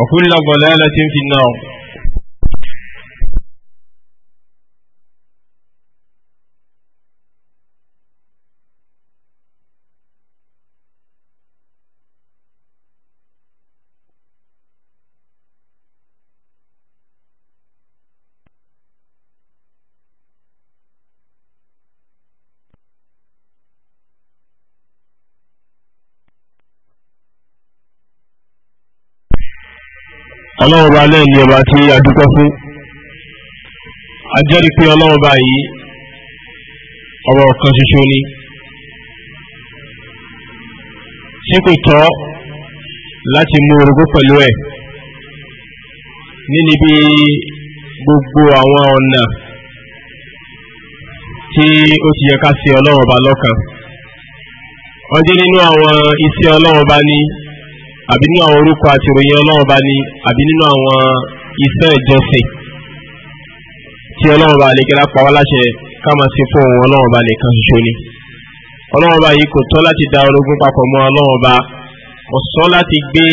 وكل ضلالة في النار ọlọ́run ọba náà ni ọba tí a dúpẹ́ fún a jẹ́rìí pé ọlọ́run ọba yìí ọba ọ̀kan ṣoṣo ni ṣé kò tọ́ láti mú orogún pẹ̀lú ẹ̀ níní bí gbogbo àwọn ọ̀nà tí ó ti yẹ ká ṣe ọlọ́run ọba lọ́kan ọjọ́ nínú àwọn iṣẹ́ ọlọ́run ọba ní àbí nínú àwọn orúkọ àti ìròyìn ọlọ́run bá ní àbí nínú àwọn iṣẹ́ ìjọsìn tí ọlọ́run bá lè kíra pa wá láṣẹ ká máa ṣe fún òun ọlọ́run bá lè kan ṣoṣo ni ọlọ́run bá yìí kò tọ́ láti da orogún papọ̀ mọ́ ọlọ́run bá kò tọ́ láti gbé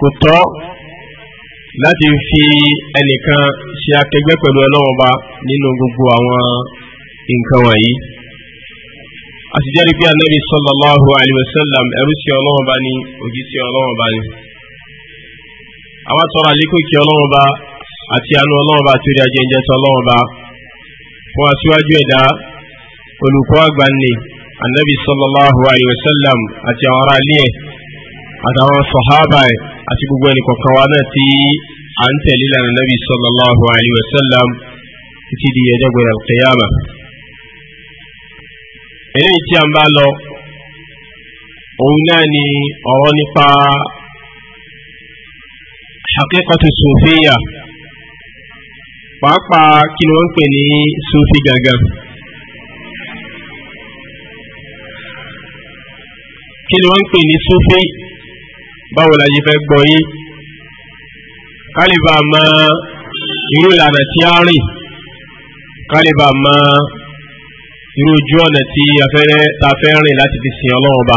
kò tọ́ láti fi ẹnìkan ṣe akẹgbẹ́ pẹ̀lú ọlọ́run bá nínú gbogbo àwọn nǹkan wọ̀nyí àti jẹ́rìí pé anábì sallallahu alayhi wa sallam ẹrú sí ọlọ́run bá ní òjì sí ọlọ́run bá ní. àwa tọrọ àlékún kí ọlọ́run bá àti àánú ọlọ́run bá torí ajẹ́jẹ́ tó ọlọ́run bá fún aṣíwájú ẹ̀dá olùkọ́ àgbà ní anábì sallallahu alayhi wa sallam àti àwọn ará ilé àtàwọn sọ̀hábà àti gbogbo ẹnì kọ̀ọ̀kan wa náà tí à eléyìí tí a ń bá lọ òun náà ni ọ̀rọ̀ nípa hakikatu sufiya pàápàá kí ni wọ́n ń pè ní sufi gangan kí ni wọ́n ń pè ní sufi báwo la yẹ fẹ́ gbọ́ yé kálíbà mọ irú ìlànà tí a rìn kálíbà mọ irú ojú ọ̀nà tí afẹ́rẹ́ ta fẹ́ rìn láti fi sìn ọlọ́run ọba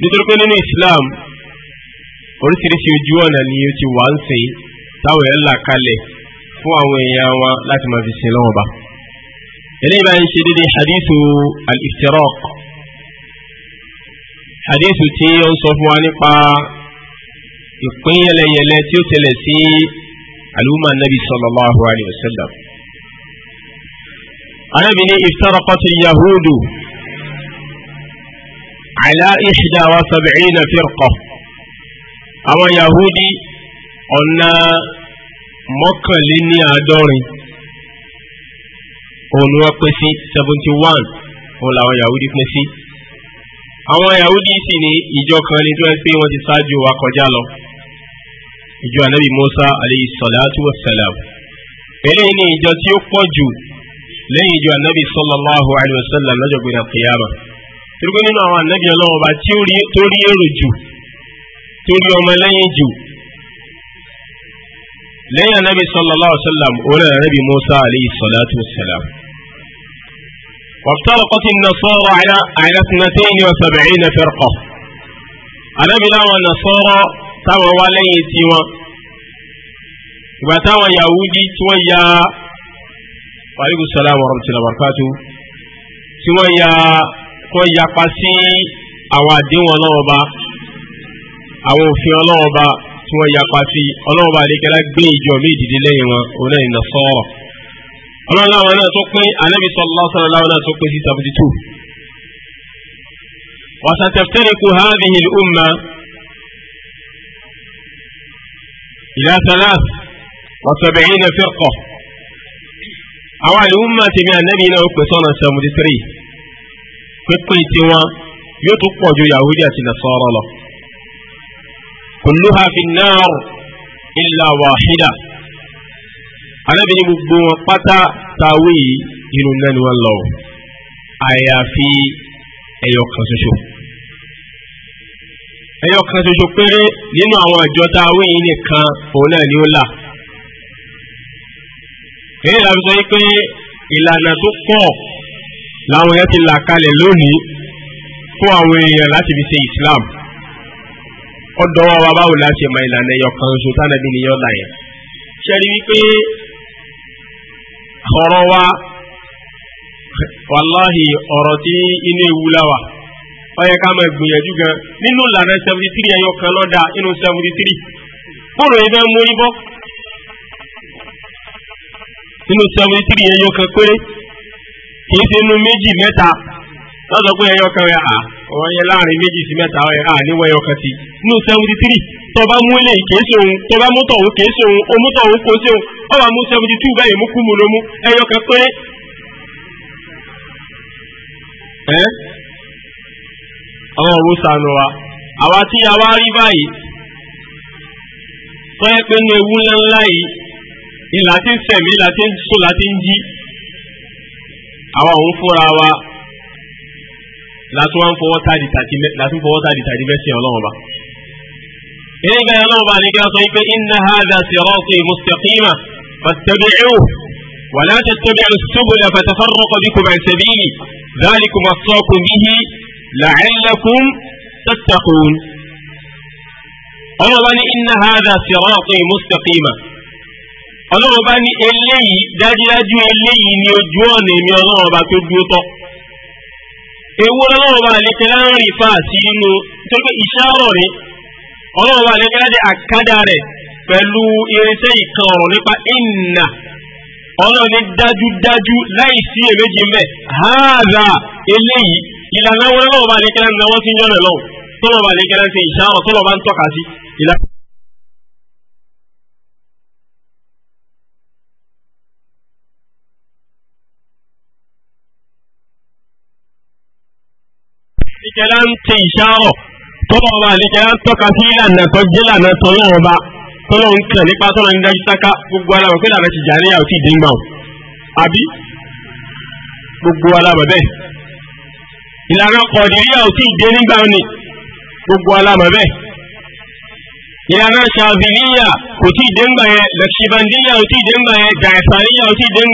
nítorí pé nínú Islam oríṣiríṣi ojú ọ̀nà ni ó ti wà ń sìn táwọn ẹ̀ là kalẹ̀ fún àwọn èèyàn wa láti máa fi sìn ọlọ́run ọba eléyìí bá ń ṣe dédé hadithu al-iftiraq hadithu tí ó ń sọ fún wa nípa ìpín yẹlẹyẹlẹ tí ó tẹlẹ sí aluma nabi sallallahu alayhi wa sallam anábì ní iftaraqati yahudu ala ihda wa sab'ina firqa àwọn yahudi ọ̀nà mọ́kànléníàádọ́rin òun ni wọ́n pín sí seventy one òun làwọn yahudi pín sí àwọn yahudi sì ní ìjọ kan ní tó ẹ pé wọ́n ti ṣáájú wa kọjá lọ ìjọ anabi musa alayhi salatu wa salam eléyìí ní ìjọ tí ó pọ̀ lẹ́yìn ìjọ anabi sallallahu alayhi wa sallam lọ́jọ́ gbẹ̀dẹ̀ kìyàmà torí nínú àwọn anabi ọlọ́wọ́ bá tí ó rí èrò jù tó rí ọmọ lẹ́yìn jù lẹ́yìn anabi sallallahu alayhi wa sallam òun náà anabi musa alayhi salatu wa salam. وافترقت النصارى على على اثنتين وسبعين فرقة أنا بلا والنصارى توا وليتي وتوا يهودي تويا wàhálà sàlámù ọ̀rọ̀mùtìlá wàrúkàtù tí wọ́n ya kọ́ yapa sí àwọn àdéhùn ọlọ́wọ́ba àwọn òfin ọlọ́wọ́ba tí wọ́n yapa sí ọlọ́wọ́ba àdékẹ́lá gbé ìjọ mi ìdìdí lẹ́yìn wọn òun náà ìnà sọ́ọ̀rọ̀ ọlọ́láwọn náà tó pín anábì sallallahu alaihi wasallam náà tó pín sí seventy two. وستفترق هذه الأمة إلى ثلاث وسبعين فرقة àwọn àlùmọ́ tèmi ànábì náà ń pè sọ́nà seventy three pínpín tiwọn yóò tún pọ̀ ju yahudi àti nasara lọ. kulluha fi nnar illa wahida ànábì ní gbogbo wọn pátá táwé yìí inú nẹ́ni wọn lọ àyàfi ẹyọ kan ṣoṣo ẹyọ kan ṣoṣo péré nínú àwọn àjọ táwé yìí nìkan òun náà ni ó là èyí làbí sọ pé ìlànà tó pọ̀ làwọn èèyàn ti là kalẹ̀ lónìí fún àwọn èèyàn láti fi ṣe Islam ọ̀dọ̀ wa báwo la ṣe mọ ìlànà ẹyọ kan oṣù tánàbí ni yọ̀ọ̀dà yẹn ṣe rí wípé ọ̀rọ̀ wa wàláhì ọ̀rọ̀ tí inú ewu láwà ó yẹ ká máa gbìyànjú gan nínú ìlànà seventy three ẹyọ kan lọ́dà inú seventy three bóòrò yìí fẹ́ mú ibọ́ nínú seventy three ẹyọ kan péré kì í ṣe inú méjì mẹ́ta lọ́sọ̀ pé ẹyọ kan rẹ̀ à ọ̀rọ̀ yẹn láàrin méjì sí mẹ́ta rẹ̀ à níwọ̀ ẹyọ kan ti nínú seventy three tó bá mú ilé kìí ṣe òun tó bá mú tọ̀hún kìí ṣe òun omú tọ̀hún kò ṣe òun ó wà mú seventy two báyìí mú kú mu ló mú ẹyọ kan péré. ẹ ọmọ òun sànù wa àwa tí a wá rí báyìí tọ́ ẹ pé ní ewu ńláńlá yìí ìlà tí ń sẹ̀mí ìlà tí ń sọ ìlà tí ń jí àwa òun fúnra wa látún wá ń fọwọ́ tá di tàdí mẹ́sìn ọlọ́run ba. ilé ìgbà ọlọ́run ba ni kí wọ́n sọ pé inna hadha sirati mustaqima fattabi'uhu wa la tattabi'u subula fatafarraqa bikum an sabili dhalikum wassaakum bihi la'allakum tattaqun. ọlọ́run ba ni inna hadha sirati ọlọ́run bá ní eléyìí dájúdájú eléyìí ni ojú ọ̀nà èmi ọlọ́run ọba tó dúró tọ́ ewu ọlọ́run ọba àlejò láàrin ìfà sí inú nítorí pé iṣẹ́ ọ̀rọ̀ rẹ ọlọ́run ọba àlejò láti àkádà rẹ pẹ̀lú irinṣẹ́ ìkan ọ̀rọ̀ nípa ìnà ọlọ́run ní dájúdájú láì sí èméjì mẹ́ hàdà eléyìí ìlànà wọn ọlọ́run ọba àlejò láti náwó tí ń jọ́nà àlejẹ́lá ń tẹ ìṣàrọ̀ tọ́lọ́ ọba àlejẹ́lá ń tọ́ka sí ìlànà tó jẹ́ ìlànà tọ́lọ́ ọba tọ́lọ́ ń kàn nípa tọ́lọ́ ń dájú sáká gbogbo aláwọ̀ pé ìlànà ti jàre àti ìdíngbà o àbí gbogbo aláwọ̀ bẹ́ẹ̀ ìlànà kọ̀ọ̀dìrí àti ìdíngbà ni gbogbo aláwọ̀ bẹ́ẹ̀ ìlànà ṣàbìlíyà kò tí ì déngbà yẹn lẹ́kṣibandíyà ò tí ì déngbà yẹn gàìsàníyà ò tí yẹn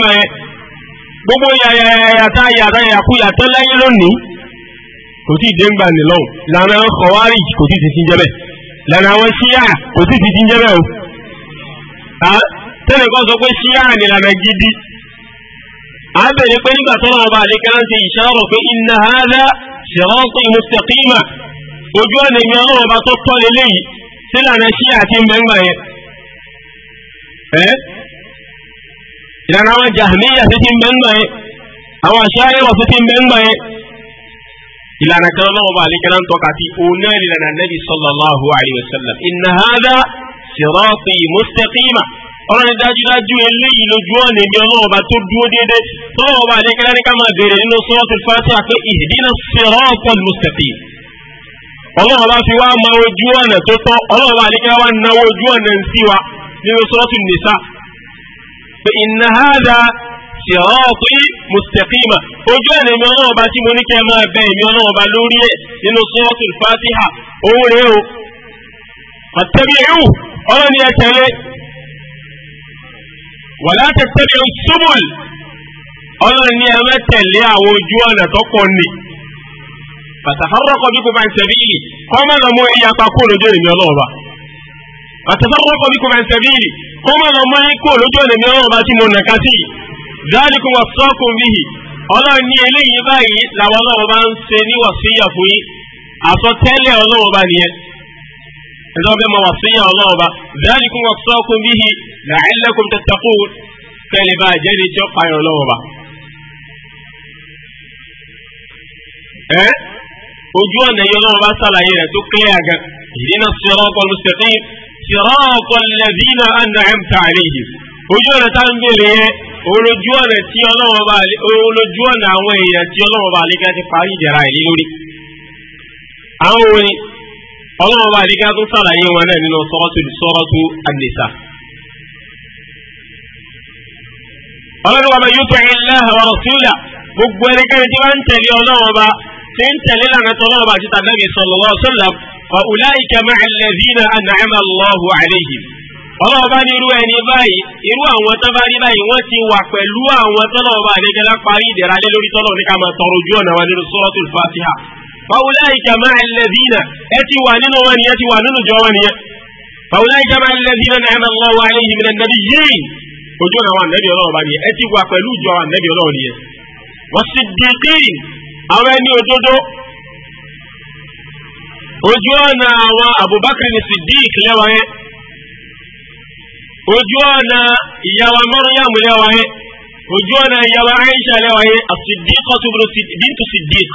kò tí ì dé ńgbà ní lọ́wọ́ ìlànà àwọn kọ̀wárì kò tí ì ti ti ń jẹ́bẹ̀ ìlànà àwọn ṣíyà kò tí ì ti ti ń jẹ́bẹ̀ o. tẹ́lẹ̀ kan sọ pé ṣíyà ni ìlànà gidi. a bẹ̀rẹ̀ pé nígbà tó náà bá a lè kẹ́rẹ́ ṣe ìṣàrọ̀ pé inna hadha sirati mustaqima ojú ọ̀nà ìgbà náà bá tó tọ́ lélẹ́yìí sí ìlànà ṣíyà ti ń yẹn. ìlànà àwọn jahmiya ti ti ń yẹn àwọn ìlànà kan lọ́wọ́ bá àlékẹ́lá ń tọ́ka sí òun náà ìlànà nẹ́bí sallallahu alayhi wa sallam inna hadha sirati mustaqima ọlọ́run dájúdájú eléyìí lójú ọ̀nà ìbí ọlọ́wọ́ bá tó dúró déédéé tọ́wọ́ bá àlékẹ́lá ní ká máa bèèrè nínú suratul Fatiha pé ihdina siratal mustaqim ọlọ́run bá fi wá ma ojú ọ̀nà tó tọ́ ọlọ́run bá àlékẹ́lá wá náwó ojú ọ̀nà ń sí wa nínú suratul Nisa pé inna hadha mustaqima ojú ẹ̀nà ìmọ̀ náà ọba tí mo ní kẹ́ máa bẹ ìmọ̀ náà ọba lórí ẹ̀ nínú suratul fatiha òun rèé o àtẹ̀bí ẹ̀rù ọ̀rọ̀ ni ẹ tẹ̀lé wala tattabi'u subul ọ̀rọ̀ ni ẹ mẹ́tẹ̀lé àwọn ojú ọ̀nà tó pọ̀ ni fatafarraqa bikum an sabili kọ́mọ̀ lọ́mọ ìyá apá kúrò lójú ẹ̀nà ìmọ̀ náà ọba fatafarraqa bikum an sabili kọ́mọ̀ lọ́mọ ìkú lójú ẹ̀nà ìmọ̀ ọba tí mo nà ká sí yìí. ذلكم وصاكم به ọlọ́run ní eléyìí báyìí làwọn ọlọ́run bá ń ṣe ní wàsíyà fún yín àsọtẹ́lẹ̀ ọlọ́run bá nìyẹn ẹ̀dọ́ bẹ́ẹ̀ mọ wàsíyà ọlọ́run bá ذلكم وصاكم به لعلكم تتقون kẹ́lẹ́ bá jẹ́ ní tí ó payọ̀ ọlọ́run bá. ẹ ojú ọ̀nà yìí ọlọ́run bá sàlàyé rẹ̀ tó kílẹ̀ àgàn ìdínà siratal mustaqim siratal olójú ọ̀nà tí ọlọ́wọ́ bá olójú ọ̀nà àwọn èèyàn tí ọlọ́wọ́ bá àlékà ti parí ìdẹ̀ra ìlú lórí. àwọn wo ni ọlọ́wọ́ bá àlékà tó sàlàyé wọn náà nínú sọ́rọ́tù sọ́rọ́tù àdìsá. ọlọ́run wa yóò tó ẹ̀yìn lẹ́hà wa rọ̀súlà gbogbo ẹnikẹ́ni tí wọ́n ń tẹ̀lé ọlọ́wọ́ bá ti ń tẹ̀lé lànà tọ́lọ́wọ́ bá àti tàbí ọlọ́wọ́ bá ní irú ẹni báyìí irú àwọn tán bá rí báyìí wọ́n ti wà pẹ̀lú àwọn tọ́lọ̀ ọba àdéjọlá parí ìdẹ̀ra lé lórí tọ́lọ̀ ní ká máa tọrọ ojú ọ̀nà wa nínú Suratul Fatiha fawulaika ma'a alladhina ẹ ti wà nínú wọn nìyẹn ti wà nínú jọ wọn nìyẹn fawulaika ma'a alladhina na'ama Allahu alayhim minan nabiyyin ojú ọ̀nà àwọn ànábì ọlọ́wọ́ ojú ọ̀nà àwọn Abubakar ni Siddiq lẹ́wọ̀n yẹn ojú ọ̀nà ìyàwó mọ́rúnyàmù lẹ́wà yẹ ojú ọ̀nà ìyàwó Aisha lẹ́wà yẹ as-siddiqatu bintu siddiq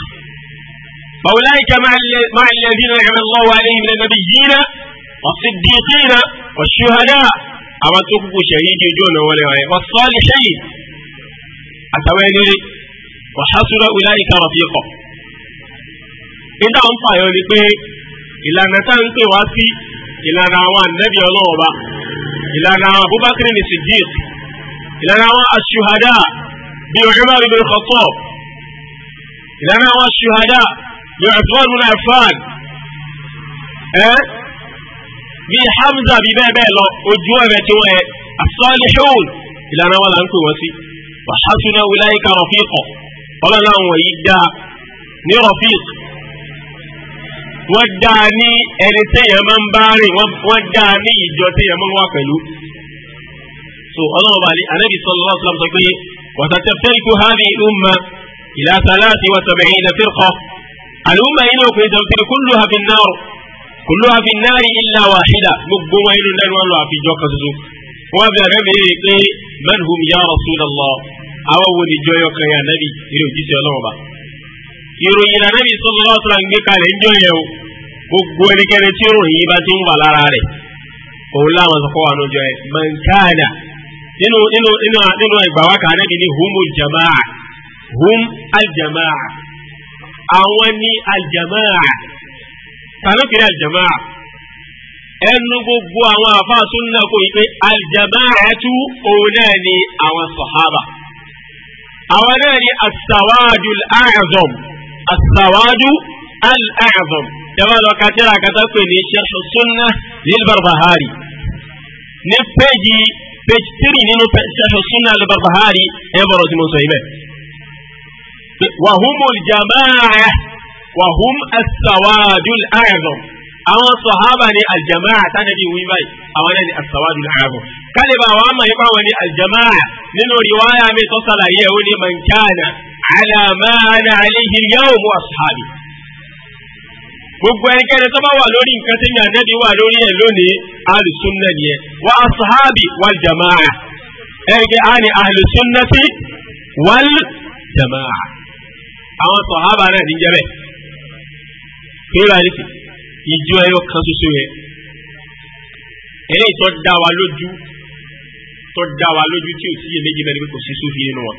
فأولئك مع الذين نعم الله عليهم من النبيين والصديقين والشهداء أما تكون شهيد دون ولا والصالحين أتوالي وحصل أولئك رفيقا إذا أنت يقول إلا نتنقي واسي إلا نعوان نبي الله ìlànà àwọn Abubakar ní Siddiq ìlànà àwọn aṣuhada bíi Umar ibn Khattab ìlànà àwọn aṣuhada bíi Uthman ibn Affan ẹ bíi Hamza bíi bẹ́ẹ̀ bẹ́ẹ̀ lọ ojú ẹ̀rẹ̀ tí wọ́n ẹ as-salihun ìlànà àwọn là ń pè wọ́n sí wa hasuna ulaika rafiqa ọlọ́run àwọn dá ní rafiq wọ́n dá a ní ẹni téèyàn máa ń bá rìn wọ́n dá a ní ìjọ téèyàn máa ń wà pẹ̀lú. so ọlọ́run bá lè anabi sallallahu alaihi wasallam sọ pé wàtàtà fẹ́ríkù hàbí umma ila salati wa sab'ina firqa àlùmọ̀ yìí ló pè jọ pé kullu hàbí náà kullu hàbí náà illa wahida gbogbo wọn inú náà wọn lọ àfijọ́ kan tuntun. wọ́n bí abẹ́ mi rí pé man hum ya rasulallah wo ni jọyọ̀ kan yà ìròyìn ànábì sallallahu alaihi wasallam ń gbé kalẹ̀ ń jọ yẹ o gbogbo ẹnikẹ́ni tí ìròyìn yìí bá ti ń wà lára rẹ̀ òun láwọn sọ̀kọ́ wà lójọ ẹ̀ mankana nínú nínú nínú nínú ìgbà wákà ànábì ní humul jamaa hum aljamaa àwọn ní aljamaa kàlókèrè aljamaa ẹnu gbogbo àwọn àfáà sunna kò yí pé aljamaatu òun náà ni àwọn sọ̀hábà àwọn náà ni asawadu al'azọm السواد الأعظم كما لو كاترا كتاكو ني شرح السنة للبربهاري نفجي بجتري تري شرح السنة للبربهاري ابرو تمو سويبه وهم الجماعة وهم السواد الأعظم أو الصحابة الجماعة تنبي ويباي أو السواد الأعظم كلمة وأما يبقى الجماعة نينو رواية متصلة يهوني من كان على ما ana عليه اليوم yawm wa ashabi gbogbo ẹnikẹ́ni tó bá wà lórí nǹkan tí yàn nẹ́bi wà lórí ẹ̀ lónìí alùsùnà nìyẹn wa asahabi wal jamaa ẹ̀rìndẹ̀ á ní alùsùnà sí wal jamaa àwọn sọ̀hábà náà ní jẹ́bẹ̀ tó rà ní ìjọ ẹyọ kan ṣoṣo yẹn eléyìí tó dá wa lójú tó dá wa lójú tí ò sí iyèméjì bẹ́ẹ̀ ni kò sí sófin nínú wọn.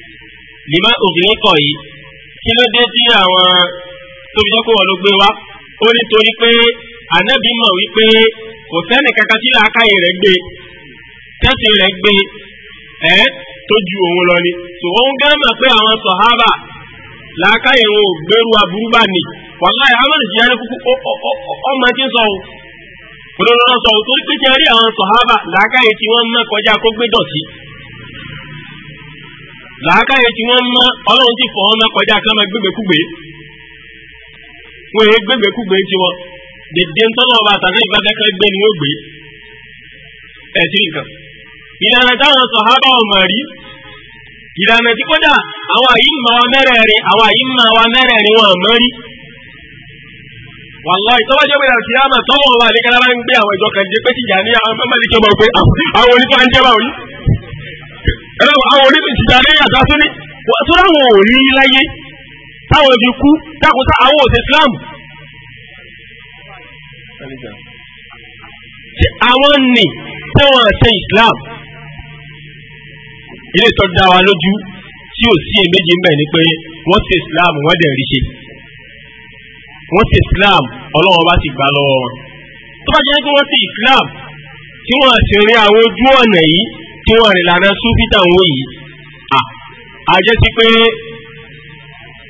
lima ògìní kọ̀ yìí kí ló dé tí àwọn tóbi jẹ́kọ̀ wọn ló gbé wá ó ní torí pé ànábì mọ̀ wípé kò sẹ́ni kankan tí làákàyè rẹ̀ gbé tẹ́sí rẹ̀ gbé ẹ́ tó ju òun lọ ni tòun gán mọ̀ pé àwọn sọ̀hábà làákàyè wọn ò gbèrú aburú bá ní wàláyé amadu jẹ́ ẹni kúkú ọmọ tí ń sọ o òdodo náà sọ o torí pé tí a rí àwọn sọ̀hábà làákàyè tí wọ́n mọ̀ kọjá kó gbé dọ̀tí làákàyè tí wọ́n mọ́ ọlọ́run ti fọ̀ ọ́ náà kọjá kí wọ́n máa gbégbékúgbé wọ́n dị gbégbékúgbé tí wọ́n dèdè ńtọ́lọ́ ọba àtàlẹ́ ìbádẹ́kẹ́ gbé ni wọ́n gbé ẹ̀tí nǹkan. ìlànà táwọn awa yi wa wa ń gbé àwọn ìjọ kan pé ní àwọn àwọn báwọn yìí. ẹ̀rọ àwọn onímọ̀ ìtìjáde yàtọ̀ sóní tó láwọn ò ní láyé táwọn ibi kú dákútà àwọn òsè Islam. tí àwọn nì tí wọ́n ṣe Islam ilé tó dá wa lójú tí ò sí èméjì mbẹ ni pé wọ́n ṣe Islam wọ́n dẹ̀ rí ṣe wọ́n ṣe Islam Ọlọ́run bá ti gbà lọ́wọ́ wọn tó bá jẹ́ pé wọ́n ṣe Islam tí wọ́n ṣe rí àwọn ojú ọ̀nà yìí tí wọ́n rìn lànà súfì táwọn yìí àjẹ́ sí pé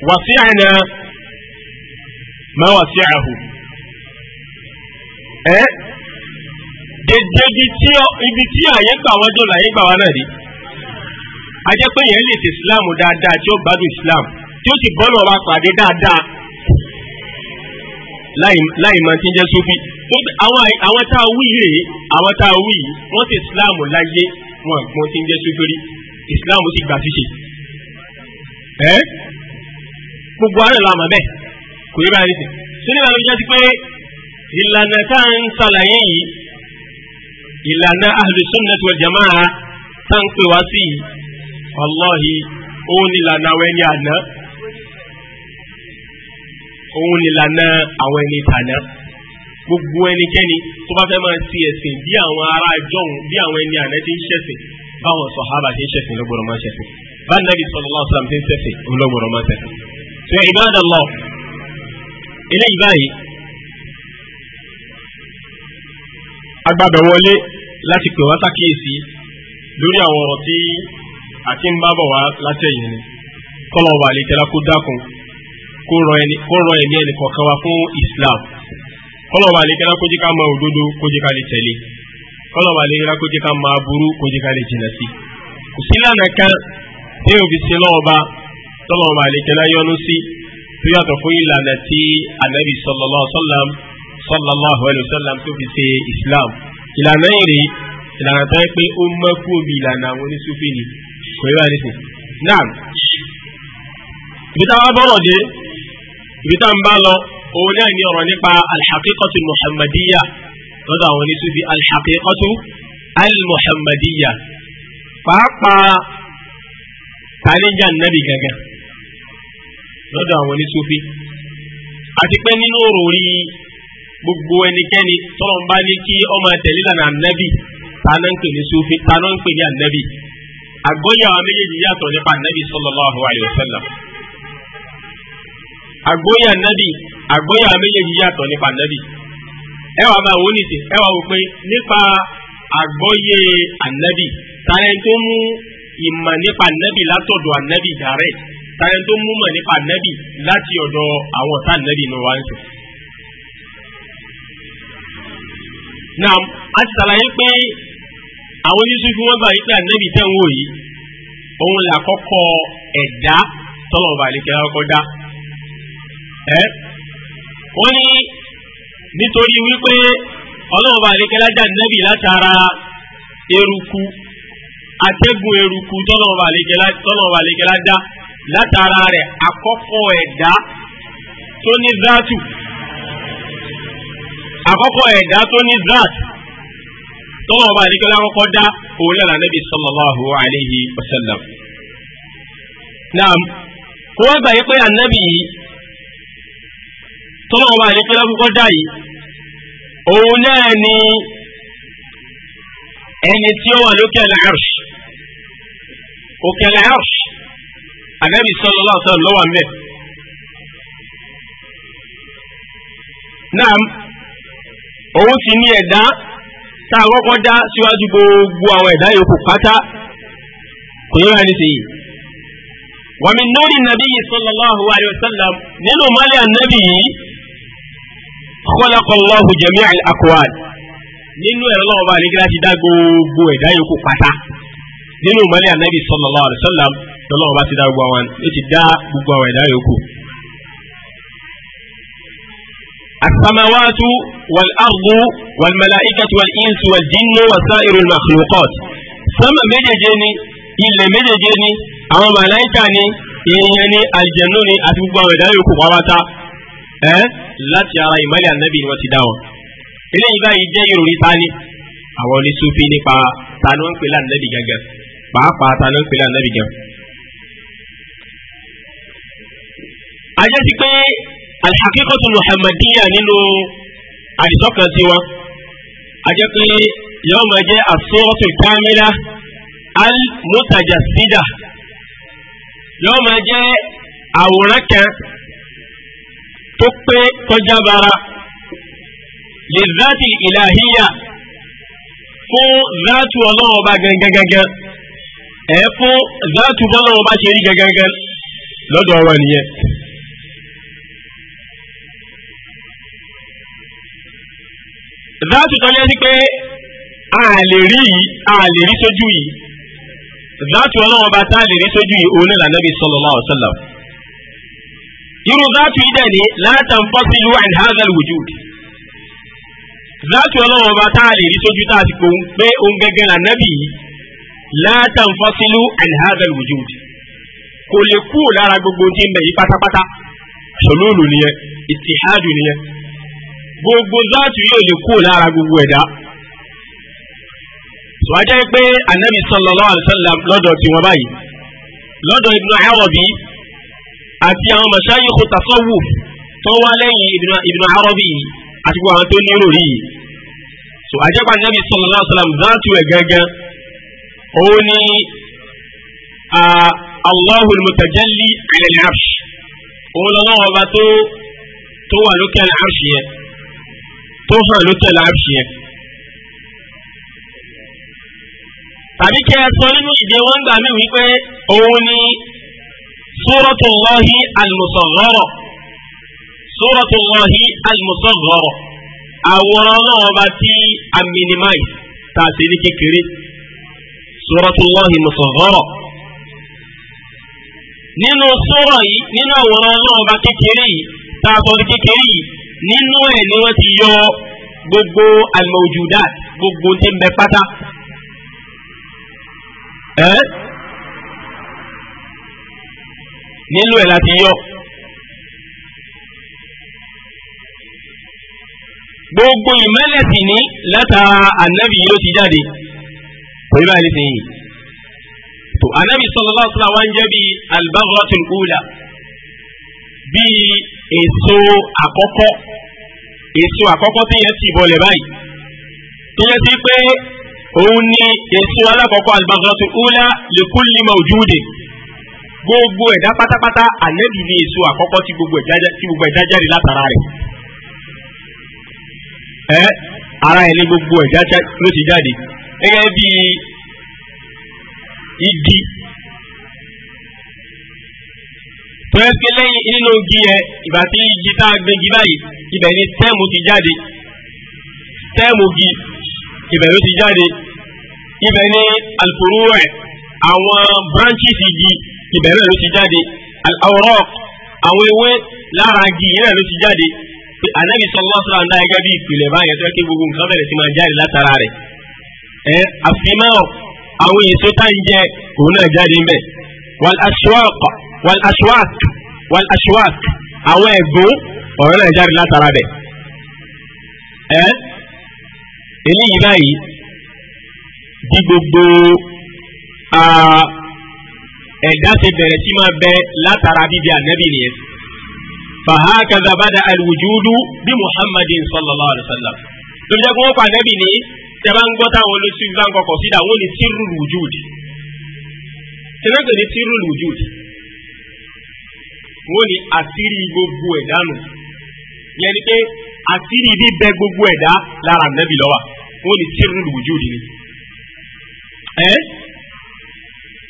wàsíàna máa wàsíàhù ẹ́ dédé ibi tí àyè gbà wọ́n jọ làyè gbà wá náà rí àjẹ́ pé yẹn lè ṣe islam dáadáa tí ó gbádùn islam tí ó sì bọ́nà ọba pàdé dáadáa láì máa ti jẹ́ súfì àwọn tá wí yìí àwọn tá wí yìí wọ́n ṣe islam láyé wọn àgbọn tí ń jẹ́ sófẹ́rí islam sì gbà ṣíṣe ẹ́ gbogbo ara la mọ̀ bẹ́ẹ̀ kò yẹ báyìí sí sínú ìlànà ìjọ sí pé ìlànà tá à ń ṣàlàyé yìí ìlànà ahlu sunnah wal jamaa tá à ń pè wá sí yìí wallahi òun ni ìlànà àwọn ẹni àná òun ni ìlànà àwọn ẹni tàná gbogbo ẹnikẹ́ni tó bá fẹ́ máa ti ẹ̀sìn bí àwọn ará ìjọhun bí àwọn ẹni àná ti ń ṣẹ̀sìn báwọn sọ̀hábà ti ń ṣẹ̀sìn lọ́gbọ̀rọ̀ máa ṣẹ̀sìn bá nàbì sallallahu alaihi wasallam ti ń ṣẹ̀sìn lọ́gbọ̀rọ̀ máa ṣẹ̀sìn. ṣe ibadallah eléyìí báyìí agbábẹ̀ wọlé láti pè wá sákìyèsí lórí àwọn ọ̀rọ̀ tí a ti ń bá bọ̀ wá látẹ̀yìn ni kọ́lọ̀ wà lè tẹ́lá kó dákun kó rọ ẹni ẹnì kọ̀ọ̀kan wá fún Islam kọlọ̀wà àlekẹ́lá kó jẹ́ ká mọ òdodo kó jẹ́ ká lè tẹ̀lé kọlọ̀wà àlekẹ́lá kó jẹ́ ká mọ aburú kó jẹ́ ká lè jìnà sí kò sí lánàá kan tí òbí sí lọ́ọ̀ba tọ́lọ̀wà àlekẹ́lá yọ́nú sí tó yàtọ̀ fún ìlànà tí anabi sallallahu alaihi wasallam tó fi ṣe islam ìlànà èrè ìlànà tó yẹ pé ó mọ́ omi ìlànà àwọn oníṣúfì ni kò yẹ báyìí nìsín náà ibi táwa bọ́rọ̀ dé ibi táwa bá lọ òun náà ní ọ̀rọ̀ nípa alḥaqiqatu muhammadiya lọ́dọ̀ àwọn oníṣúbi alḥaqiqatu almuhammadiya pàápàá tàlíjà nàbì gangan lọ́dọ̀ àwọn oníṣúfi àti pé nínú òròrí gbogbo ẹnikẹ́ni tọ́lọ́mbá ní kí ọmọ tẹ̀lé lànà nàbì tàná ń pè ní súfi tàná ń pè ní ànàbì àgbọ́yé àwọn méjèèjì yàtọ̀ nípa ànàbì sallallahu alaihi wasallam àgbóyà nábì àgbóyà méjèèjì yàtọ̀ nípa ànábì ẹ wàá máa wò ó nìsín ẹ wàá wò pé nípa àgbọ́yé ànábì táyẹn tó mú ìmọ̀ nípa ànábì látọ̀dọ̀ ànábì dàrẹ́ táyẹn tó mú mọ̀ nípa ànábì láti ọ̀dọ̀ àwọn ọ̀tá ànábì ní wàá ń sùn. Na a ti ṣàlàyé pé àwọn oníṣòwò wọn gbà wípé ànábì tẹ̀ ń wò yìí òun là kọ́kọ́ ẹ̀dá tọ́lọ̀ ọba àlekẹ́ ọkọ̀ dá ẹ́ wọ́n ní nítorí wípé ọlọ́run bá àlékẹ́ lájà nẹ́bì látara eruku atẹ́gùn eruku tọ́lọ́run bá àlékẹ́ lájà látara rẹ̀ àkọ́kọ́ ẹ̀dá tó ní záàtù àkọ́kọ́ ẹ̀dá tó ní záàtù tọ́lọ́run bá àlékẹ́ lákọ́kọ́ dá òun náà nẹ́bì sallallahu alayhi wa sallam. Naam, kó wá gbà yí pé ànábì yìí tọ́lọ́ ọba àdékọ́lá kọ́kọ́ dá yìí òun náà ni ẹni tí ó wà lókè al-arsh òkè al-arsh Ànábì sallallahu alaihi wasallam ló wà ńbẹ̀. náà òun sì ní ẹ̀dá tá a kọ́kọ́ dá síwájú gbogbo àwọn ẹ̀dá yòókù pátá kò yẹ wá ní sèyí. wa min nuri nabiyyi sallallahu alaihi nínú mọ́lẹ̀ ànábì yìí khalaqallahu jami'al akwad nínú ẹ̀rọ náà wà nígbà tí dá gbogbo ẹ̀dá yòókù pátá nínú mọ́lẹ̀ ànábì sallallahu alaihi wasallam lọ́wọ́ bá ti dá gbogbo àwọn ó ti dá gbogbo àwọn ẹ̀dá yòókù. as-samawatu wal-ardu wal-mala'ikatu wal-insu wal-jinnu wasa'irul makhluqat sánmà méjèèjì ni ilẹ̀ méjèèjì ni àwọn màláìkà ni èèyàn ni àlùjànnú ni àti gbogbo àwọn ẹ̀dá yòókù pàápàá láti ara ìmọ̀lẹ̀ ànábì ni wọ́n ti dá wọn eléyìí báyìí jẹ́ ìròrí tani àwọn oníṣúfì nípa tani wọ́n ń pè lánàbì gẹ́gẹ́ pàápàá tani wọ́n ń pè lánàbì gẹ́gẹ́. ajẹ́ ti pé alihakikatu muhammadiya nínú àdìsọ́kan tiwọn ajẹ́ pé yóò máa jẹ́ asọ́ọ̀tù kámílà almutajasida yóò máa jẹ́ àwòrán kan tó pé tọ́já bara lè záàtì ìlàhíyà fún záàtù ọlọ́run ọba gangan ẹ̀ fún záàtù bọ́lọ́run ọba ṣe rí gangan lọ́dọ̀ ọ̀rọ̀ nìyẹn. záàtù tọ́já sí pé a lè rí a lè rí sójú yìí záàtù ọlọ́run ọba tá a lè rí sójú yìí òun náà lànà bí sallallahu irú záàtù yìí dẹ̀ ní látàn fọ́sílù and hazel wujud záàtù ọlọ́run ọba tá a lè rí sójú tá a ti pòun pé òun gẹ́gẹ́ la nẹ́bì yìí látàn fọ́sílù and hazel wujud kò lè kú lára gbogbo tí ń bẹ yìí pátápátá ṣòlóòlù nìyẹn ìtìhádù nìyẹn gbogbo záàtù yóò lè kú lára gbogbo ẹ̀dá wàá jẹ́ pé anabi sallallahu alaihi wasallam lọ́dọ̀ tiwọn báyìí lọ́dọ̀ ibnu arabi yìí àti àwọn mashayikhu tasawuf tó wá lẹ́yìn Ibn Arabi àti gbogbo àwọn tó ní ròrí yìí so àjẹpà nàbí sallallahu alaihi wasallam dáàtú ẹ̀ gángan òun ni Allahul mutajalli ala al-arsh òun lọ́nà ọba tó tó wà lókè al-arsh yẹn tó hàn lókè al yẹn. tàbí kí ẹ sọ nínú ìdè wọn gbà mí wípé òun ni. Súrọ́tùláhí àlùmùsọ̀rọ̀. Súrọ́tùláhí àlùmùsọ̀rọ̀. Àwòrán náà bá ti àmìnìmáì tà sí ní kékeré. Súrọ́tùláhí mùsọ̀rọ̀. Nínú súrọ̀ yìí, nínú àwòrán náà bá kékeré yìí, tà sọ ní kékeré yìí, nínú ẹ̀ ni wọ́n ti yọ gbogbo àlùmọ̀jùdá gbogbo tí ń pátá. Ẹ́ nílò ẹ̀ láti yọ. gbogbo ìmẹ́lẹ̀ sì ní látara ànábì yìí ló ti jáde kò ní báyìí sìn yìí. tó ànábì sallallahu alaihi wasallam ń jẹ́ bíi al-baghratul ula bíi èso àkọ́kọ́ èso àkọ́kọ́ tí yẹn ti bọ̀lẹ̀ báyìí tó yẹ sí pé òun ni èso alákọ̀ọ́kọ́ al-baghratul ula li kulli mawjudin gbogbo ẹ̀dá pátápátá àlẹ́bí ni èso àkọ́kọ́ tí gbogbo ẹ̀dá jáde látara rẹ̀ ẹ ara ẹ̀ ní gbogbo ẹ̀dá ló ti jáde gẹ́gẹ́ bí igi pẹ̀lú lẹ́yìn nínú igi yẹn ìgbà tí igi tá a gbé igi báyìí ibẹ̀ ni tẹ́ẹ̀mù ti jáde tẹ́ẹ̀mù igi ibẹ̀ ló ti jáde ibẹ̀ ni alùpùpù rẹ̀ àwọn branches igi ibẹ̀ náà ló ti jáde àwòrán àwọn ewé lára igi yẹn náà ló ti jáde pé anabi sọlá sọlá ń dá ẹgbẹ́ bí ìpìlẹ̀ báyẹn tó yẹ kí gbogbo nǹkan bẹ̀rẹ̀ sí máa jáde látara rẹ̀ ẹ àfimọ́ àwọn èso tá ń jẹ òun náà jáde ń bẹ̀ wal ashwaq wal ashwaq wal ashwaq àwọn ẹ̀gbọ́n ọ̀rọ̀ náà jáde látara bẹ̀ ẹ eléyìí báyìí bí gbogbo ah, ẹ̀dá ṣe bẹ̀rẹ̀ sí máa bẹ látara bíbí ànábì nìyẹn. fahakaza bada alwujudu bí muhammadin sallallahu alaihi wa sallam. lóbi jẹ́ kó wọ́n pa ànábì ní tẹ́lá ń gbọ́ táwọn olóṣèlú bá ń kọkọ̀ sídà wọ́n ní sírù lùjúd. tẹ́lá ń pè ní sírù lùjúd. wọ́n ní àṣírí gbogbo ẹ̀dá nù. yẹn ni pé àṣírí bíbẹ gbogbo ẹ̀dá lára ànábì ló wọ́n ní sírù lùjúd ni.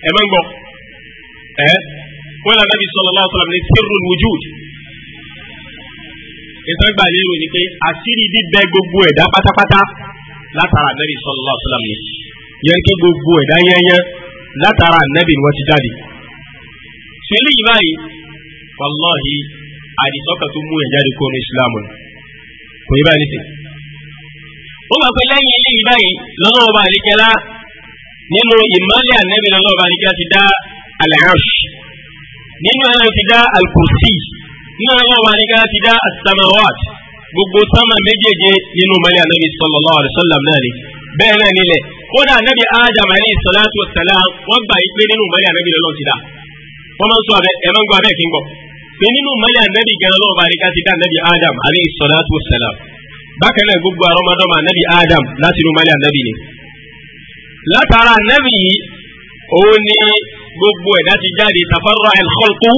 ẹ máa ń gbọ́ ẹ eh? wọn lọ Nabi sallallahu alaihi wasallam ní sirrul wujud ìtàn gbà lérò ni pé àṣírí bíbẹ gbogbo ẹ̀dá pátápátá látara Nabi sallallahu alaihi wasallam ni yẹn kí gbogbo ẹ̀dá yẹnyẹn látara Nabi ni wọ́n ti jáde ṣẹlẹ̀ yìí báyìí wàlọ́hì àdìsọ́kà tó mú ẹ̀jáde kó ní Islam kò yí báyìí nìsín ó máa pẹ́ lẹ́yìn eléyìí báyìí lọ́nà ọba àlekẹ́lá nínú ìmọ̀lẹ́ al-arsh nínú ẹ̀rọ ti dá al-kursi nínú ẹ̀rọ wà ní gáà ti dá as-samawat gbogbo sámà méjèèjì nínú mọ́lẹ́ anabi sallallahu alayhi wa sallam náà ni bẹ́ẹ̀ náà nílẹ̀ kódà anabi adam alayhi salatu wa salam wọ́n gbà yí pé nínú mọ́lẹ́ anabi lọ́lọ́ ti dá wọ́n máa ń sọ abẹ́ ẹ̀ máa ń gbọ́ abẹ́ kí n gbọ́ pé nínú mọ́lẹ́ anabi gan lọ́wọ́ bá ní gáà ti dá anabi adam alayhi salatu wa salam bákan náà gbogbo àrọ́mọdọ́mọ anabi adam láti inú mọ́lẹ́ anabi ni látara anabi yìí òun ni gbogbo ẹ̀dá ti jáde tafarra al-khalqu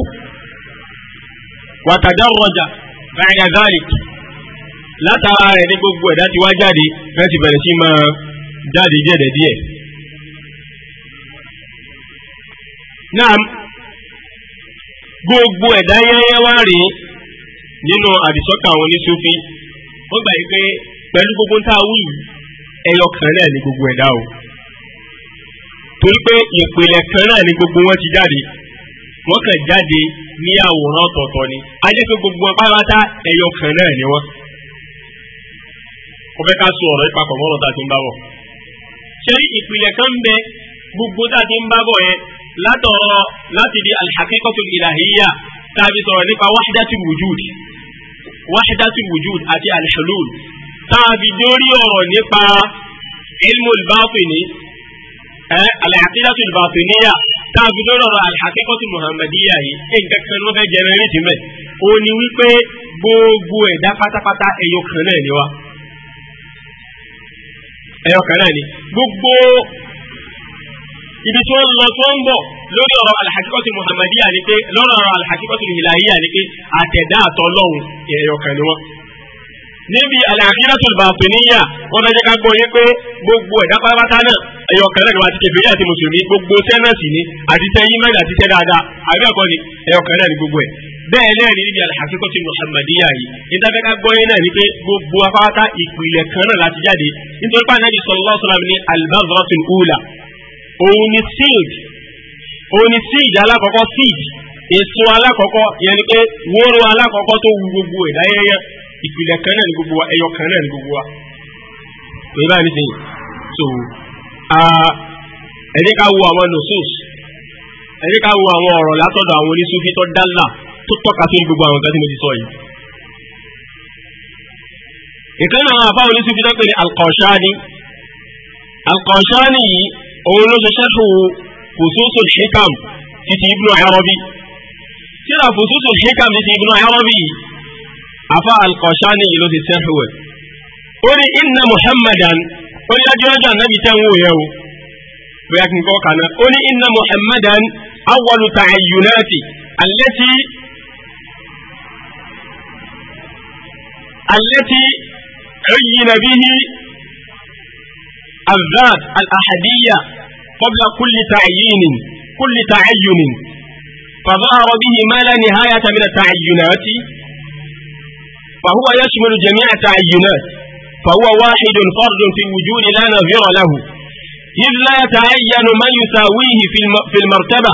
wa tadarraja ba'da dhalik látara rẹ̀ ní gbogbo ẹ̀dá ti wá jáde fẹ́ẹ́ ti bẹ̀rẹ̀ sí máa jáde jẹ́dẹ̀ díẹ̀. Naam gbogbo ẹ̀dá yẹ́yẹ́ wá rí nínú àdìsọ́kà àwọn oníṣúfí wọ́n gbà yí pé pẹ̀lú gbogbo ń tá a wí ẹyọ náà ní gbogbo ẹ̀dá o torí pé ìpìlẹ̀ kan náà ni gbogbo wọn ti jáde wọ́n kàn jáde ní àwòrán ọ̀tọ̀ọ̀tọ̀ ni a jẹ́ pé gbogbo wọn pátá ẹyọ kan náà ni wọ́n. mo fẹ́ ká sọ ọ̀rọ̀ ìpapọ̀ mọ́rọ̀ tá a ti ń bá bọ̀. ṣé ìpìlẹ̀ kan ń bẹ gbogbo tá a ti ń bá bọ̀ yẹn látọ̀rọ̀ láti di al-haqiqatul ilahiyya tàbí sọ̀rọ̀ nípa wahdatul wujud wahdatul wujud àti al tàbí dórí ọ̀rọ̀ nípa ilmul batini ẹ al-aqidatu al-batiniyya táàbí lọ́rọ̀ al-haqiqatu muhammadiyya yìí ẹ̀ ń kẹ́kẹ́ ló fẹ́ jẹrẹ rí tìmẹ̀ ó ní wípé gbogbo ẹ̀dá pátápátá ẹyọ kan náà ni wa ẹyọ kan ni gbogbo ibi tí wọ́n lọ tí ń bọ̀ lórí ọ̀rọ̀ al-haqiqatu muhammadiyya ni pé lọ́rọ̀ ọ̀rọ̀ al-haqiqatu al-ilahiyya ni pé àtẹ̀dá àtọ́lọ́hun ẹyọ kan ni wọ́n níbi al-aqidatu al-batiniyya wọ́n fẹ́ jẹ́ ká gbọ́ yé pé gbogbo ẹ̀dá pátápátá náà ẹyọ kan náà ni wọ́n àti kẹfìrí àti mùsùlùmí gbogbo tẹ́ náà sì ni àti tẹ́ yín mẹ́rin àti tẹ́ dáadáa àbí ẹ̀kọ́ ni ẹyọ kan náà ni gbogbo ẹ̀ bẹ́ẹ̀ náà ni níbi alhakikoti muhammadiya yìí ìdáfẹ́ká gbọ́yé náà ni pé gbogbo afárátá ìpìlẹ̀ kan náà láti jáde nítorí pàṣẹ ní sallallahu alaihi wasallam ní albazratul ula òun ni seed òun ni seed alákọ̀ọ́kọ́ seed èso alákọ̀ọ́kọ́ yẹn ni pé wóró alákọ̀ọ́kọ́ tó wu gbogbo ẹ̀ láyẹyẹ ìpìlẹ̀ kan náà ni gbogbo wa ẹyọ kan náà ni gbogbo wa. so ẹ jẹ́ ká wo àwọn nusus ẹ jẹ́ ká wo àwọn ọ̀rọ̀ látọ̀dọ̀ àwọn oníṣúfí tó dálà tó tọ́ka sí gbogbo àwọn nǹkan tí mo ti sọ yìí ìkan náà àwọn àfáwọn oníṣúfí tó pè ní alkọ̀ṣáni alkọ̀ṣáni yìí òun ló ṣe ṣẹ́fù fususul hikam títí ibnu arabi tíra fususul hikam títí ibnu arabi yìí àfa alkọ̀ṣáni yìí ló ti ṣẹ́fù ẹ̀ ó ní inna muhammadan ó ní dájúdájú ànábì tẹ́ ń wò yẹ o bóyá kí n kọ́ kàná ó ní inna muhammadan awwalu ta'ayyunati allati allati ayyina bihi الذات الأحدية قبل كل تعيين كل تعين فظهر به ما لا نهاية من التعينات فهو يشمل جميع التعينات فهو واحد فرد في الوجود لا نظير له إذ لا يتعين من يساويه في المرتبة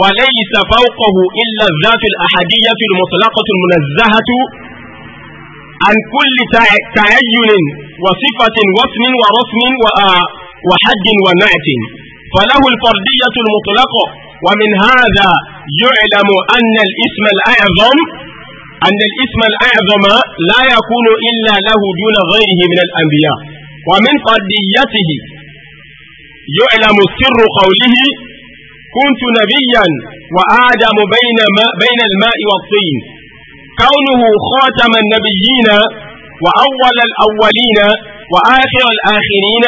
وليس فوقه إلا الذات الأحدية المطلقة المنزهة عن كل تعين وصفة واسم ورسم وحد ونعت فله الفردية المطلقة ومن هذا يعلم أن الاسم الأعظم أن الاسم الأعظم لا يكون إلا له دون غيره من الأنبياء ومن قضيته يعلم سر قوله كنت نبيا وآدم بين, ما بين الماء والطين كونه خاتم النبيين وأول الأولين وآخر الآخرين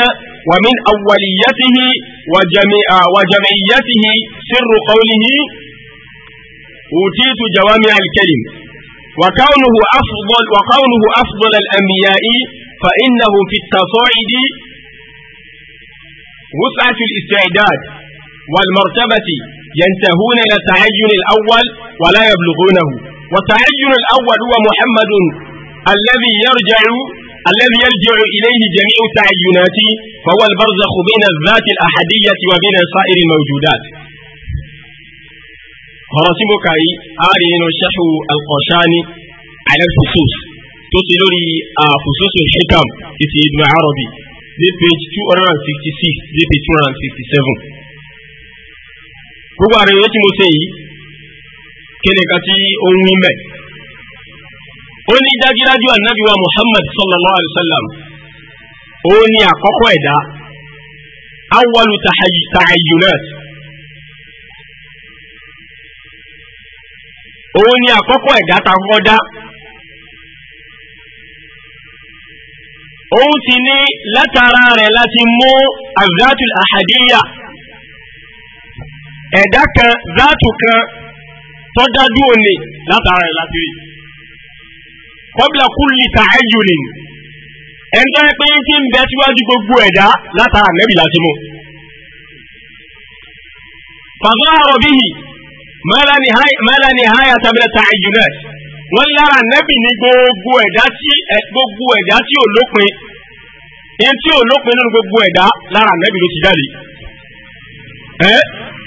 ومن أوليته وجميع وجمعيته سر قوله أوتيت جوامع الكلم وكونه أفضل وكونه أفضل الأنبياء فإنه في التصاعد وسعة الاستعداد والمرتبة ينتهون إلى التعين الأول ولا يبلغونه والتعين الأول هو محمد الذي يرجع الذي يرجع إليه جميع التعينات فهو البرزخ بين الذات الأحدية وبين سائر الموجودات ọ̀rọ̀ tí mo kà yìí a rí nínú ṣẹ́hù al-Qashani al-Fusus tó ti lórí àfùsùsù hikam títí ibn arabi ní page two hundred and sixty six ní page two hundred and sixty seven. gbogbo àrẹ̀wé tí mo ṣe yìí kéde ká tí ó ń wí mẹ́. ó ní dájúdájú ànábì muhammad sallallahu alayhi wa sallam ó ní àkọ́kọ́ ẹ̀dá awwalu tahayyunat. òun ni àkọ́kọ́ ẹ̀dá ta kọ́kọ́ dá òun sì ní látara rẹ̀ láti mú azatul ahadiyya ẹ̀dá kan záàtù kan tó dájú òní látara rẹ̀ láti rí kọ́bílà kúlì tààjùlì ẹni pé ń fi ń bẹ síwájú gbogbo ẹ̀dá látara nẹ́bì láti mú fàzọ́ àrọ̀bíyì mọ́lá ni háyà tàbí ta'ayyunat wọ́n lára nẹ́bì ní gbogbo ẹ̀dá tí gbogbo ẹ̀dá tí ò lópin ní tí ò lópin nínú gbogbo ẹ̀dá lára nẹ́bì ló ti jáde ẹ́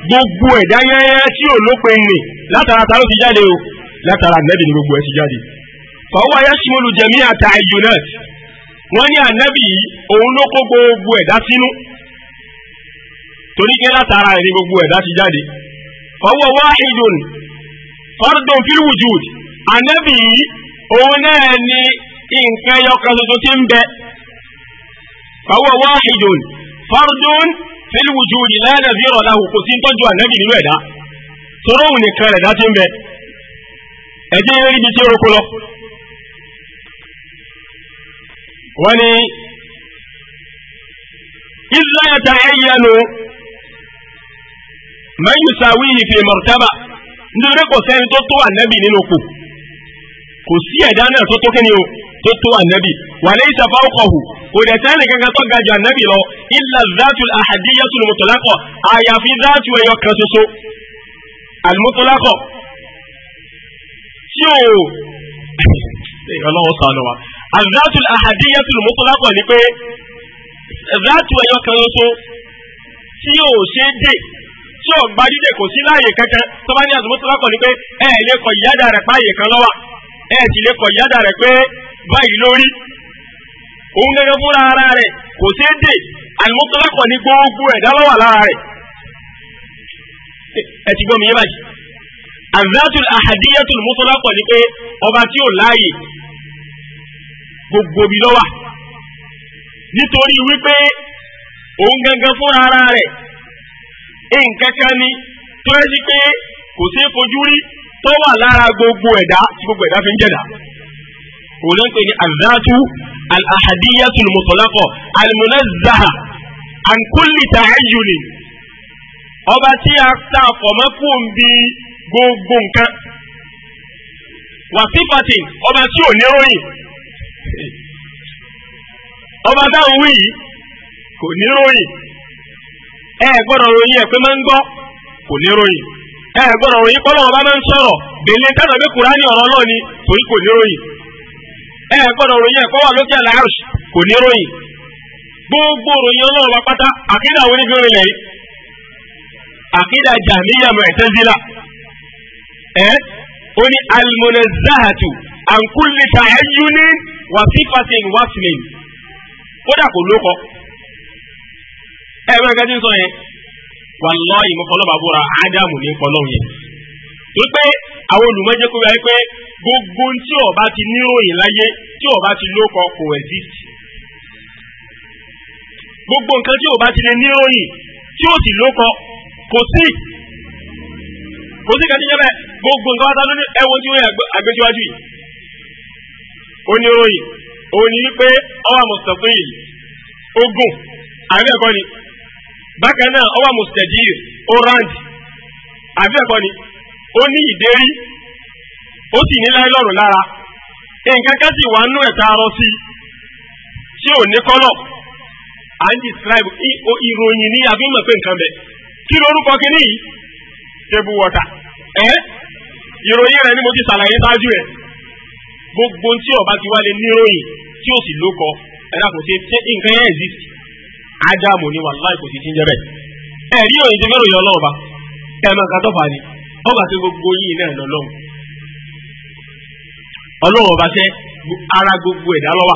gbogbo ẹ̀dá yẹ́yẹ́ tí ò lópin nì látara ta ló ti jáde o látara nẹ́bì ní gbogbo ẹ̀ ti jáde fọwọ́ yashmulu jami'a ta'ayyunat wọ́n ní ànẹ́bì yìí òun ló kó gbogbo ẹ̀dá sínú torí pé látara ẹ̀ ní gbogbo ẹ̀dá ti jáde fahuwa wahidun fardun fil wujud ànábì yìí òun náà ni nǹkan ẹyọkan tuntun ti ń bẹ fahuwa wahidun fardun fil wujud la nadhira lahu kò sí tọ́jú ànábì nínú ẹ̀dá tọ́rọ òun nìkan ẹ̀dá ti ń bẹ ẹ̀jẹ̀ yẹn níbi tí ó lọ. wọ́n ní ìlànà ẹ̀yẹ nù man yusawihi fi martaba nítorí kò sẹ́ni tó tó ànábì nínú kù kò sí ẹ̀dá náà tó tó kíni o tó tó ànábì wa laysa fawqahu kò dẹ̀ sẹ́ni kankan tó ga jù ànábì lọ illa dhatul ahadiyatul mutlaqa àyàfi dáàtù ẹ̀yọ kan ṣoṣo al-mutlaqa tí o ọlọ́wọ́ sànù wa al-dhatul ahadiyatul mutlaqa ni pé dáàtù ẹ̀yọ kan ṣoṣo o ṣe dé. tí ò kò sí láàyè kankan tó bá ní àtúntò kọ ni pé ẹ kọ ìyáda rẹ kan lọ́wọ́ ẹ sì kọ ìyáda rẹ pé báyìí lórí òun gẹ́gẹ́ fúnra ara rẹ kò sí dè àtúntò kọ ni gbogbo lára rẹ ẹ ti gbọ́ mi yé báyìí ni pé ọba tí ò láàyè gbogbo rẹ̀ nǹkan kan ni tó yẹ sí pé kò sí fojú rí tó wà lára gbogbo ẹ̀dá tí gbogbo ẹ̀dá fi ń jẹ̀dá. òun ló ń pè ní azatu al-ahadiyatu al-mutlaqah al ọba tí a ta fọ̀mọ́ fún bí gbogbo nǹkan wàsífàtì ọba tí ò ní ròyìn ọba táwọn wí kò ní ròyìn ẹ gbọ́dọ̀ ròyìn ẹ̀ pé máa ń gbọ́ kò ní ròyìn ẹ gbọ́dọ̀ ròyìn pọ́lọ́ ọba máa ń sọ̀rọ̀ bèlè kánà bí kùránì ọ̀rọ̀ náà ni torí kò ní ròyìn ẹ gbọ́dọ̀ ròyìn ẹ̀ pọ́ wà lókè àlàárùs kò ní ròyìn gbogbo ròyìn ọlọ́run wa pátá àkídà àwọn onífẹ́ rìnlẹ̀ yìí àkídà jàmíyà mọ̀ẹ́tẹ́sílà ẹ ó ní almonezahatu àǹkúlẹ̀ tàyẹ́yúní wàsífàsìn wàsílìn kódà kò lókọ̀ọ́ ẹ̀rọ ẹ̀ka tí ń sọ yẹn wàlọ́ọ̀yì mo fọlọ́ bàbúrà ádámù ní pọlọ́ yẹn tó pé àwọn olùmọ̀jẹ́ kó wáyé pé gbogbo tí ọba ti níròyìn láyé tí ọba ti lóko kò exist gbogbo nǹkan tí ọba ti lè níròyìn tí ó sì lóko kò sí kò sí kàtí yẹbẹ gbogbo nǹkan wáta lónìí ẹwọ tí wọn àgbéjúwájú yìí oníròyìn òní pé ọwọ́ àmọ̀sọ̀kùn yìí ogun àríwẹ̀kọ́ ni. bákan náà ọwọ́ mustadir orange àbí ẹ̀kọ́ ni ó ní ìdérí ó sì ní láìlọ́rùn lára nǹkan kan sì wà nú ẹ̀ta arọ sí tí ò ní kọ́lọ̀ à ń describe ìròyìn ní abímọ̀ pé nǹkan bẹ̀ kí lórúkọ table water ìròyìn rẹ̀ ni mo ti ṣàlàyé ṣáájú ẹ̀ gbogbo tí ọba ti wá lé níròyìn tí ó sì lókọ nǹkan yẹn ádámù ni wàláì kò sì ti ń jẹ́ bẹ́ẹ̀. òyìn ti fẹ́ràn ìyọ́lọ́ ọba ẹ̀mọ nǹkan tó fà ní ọgbà tí gbogbo yìí náà ara gbogbo ẹ̀dá lọ́wà.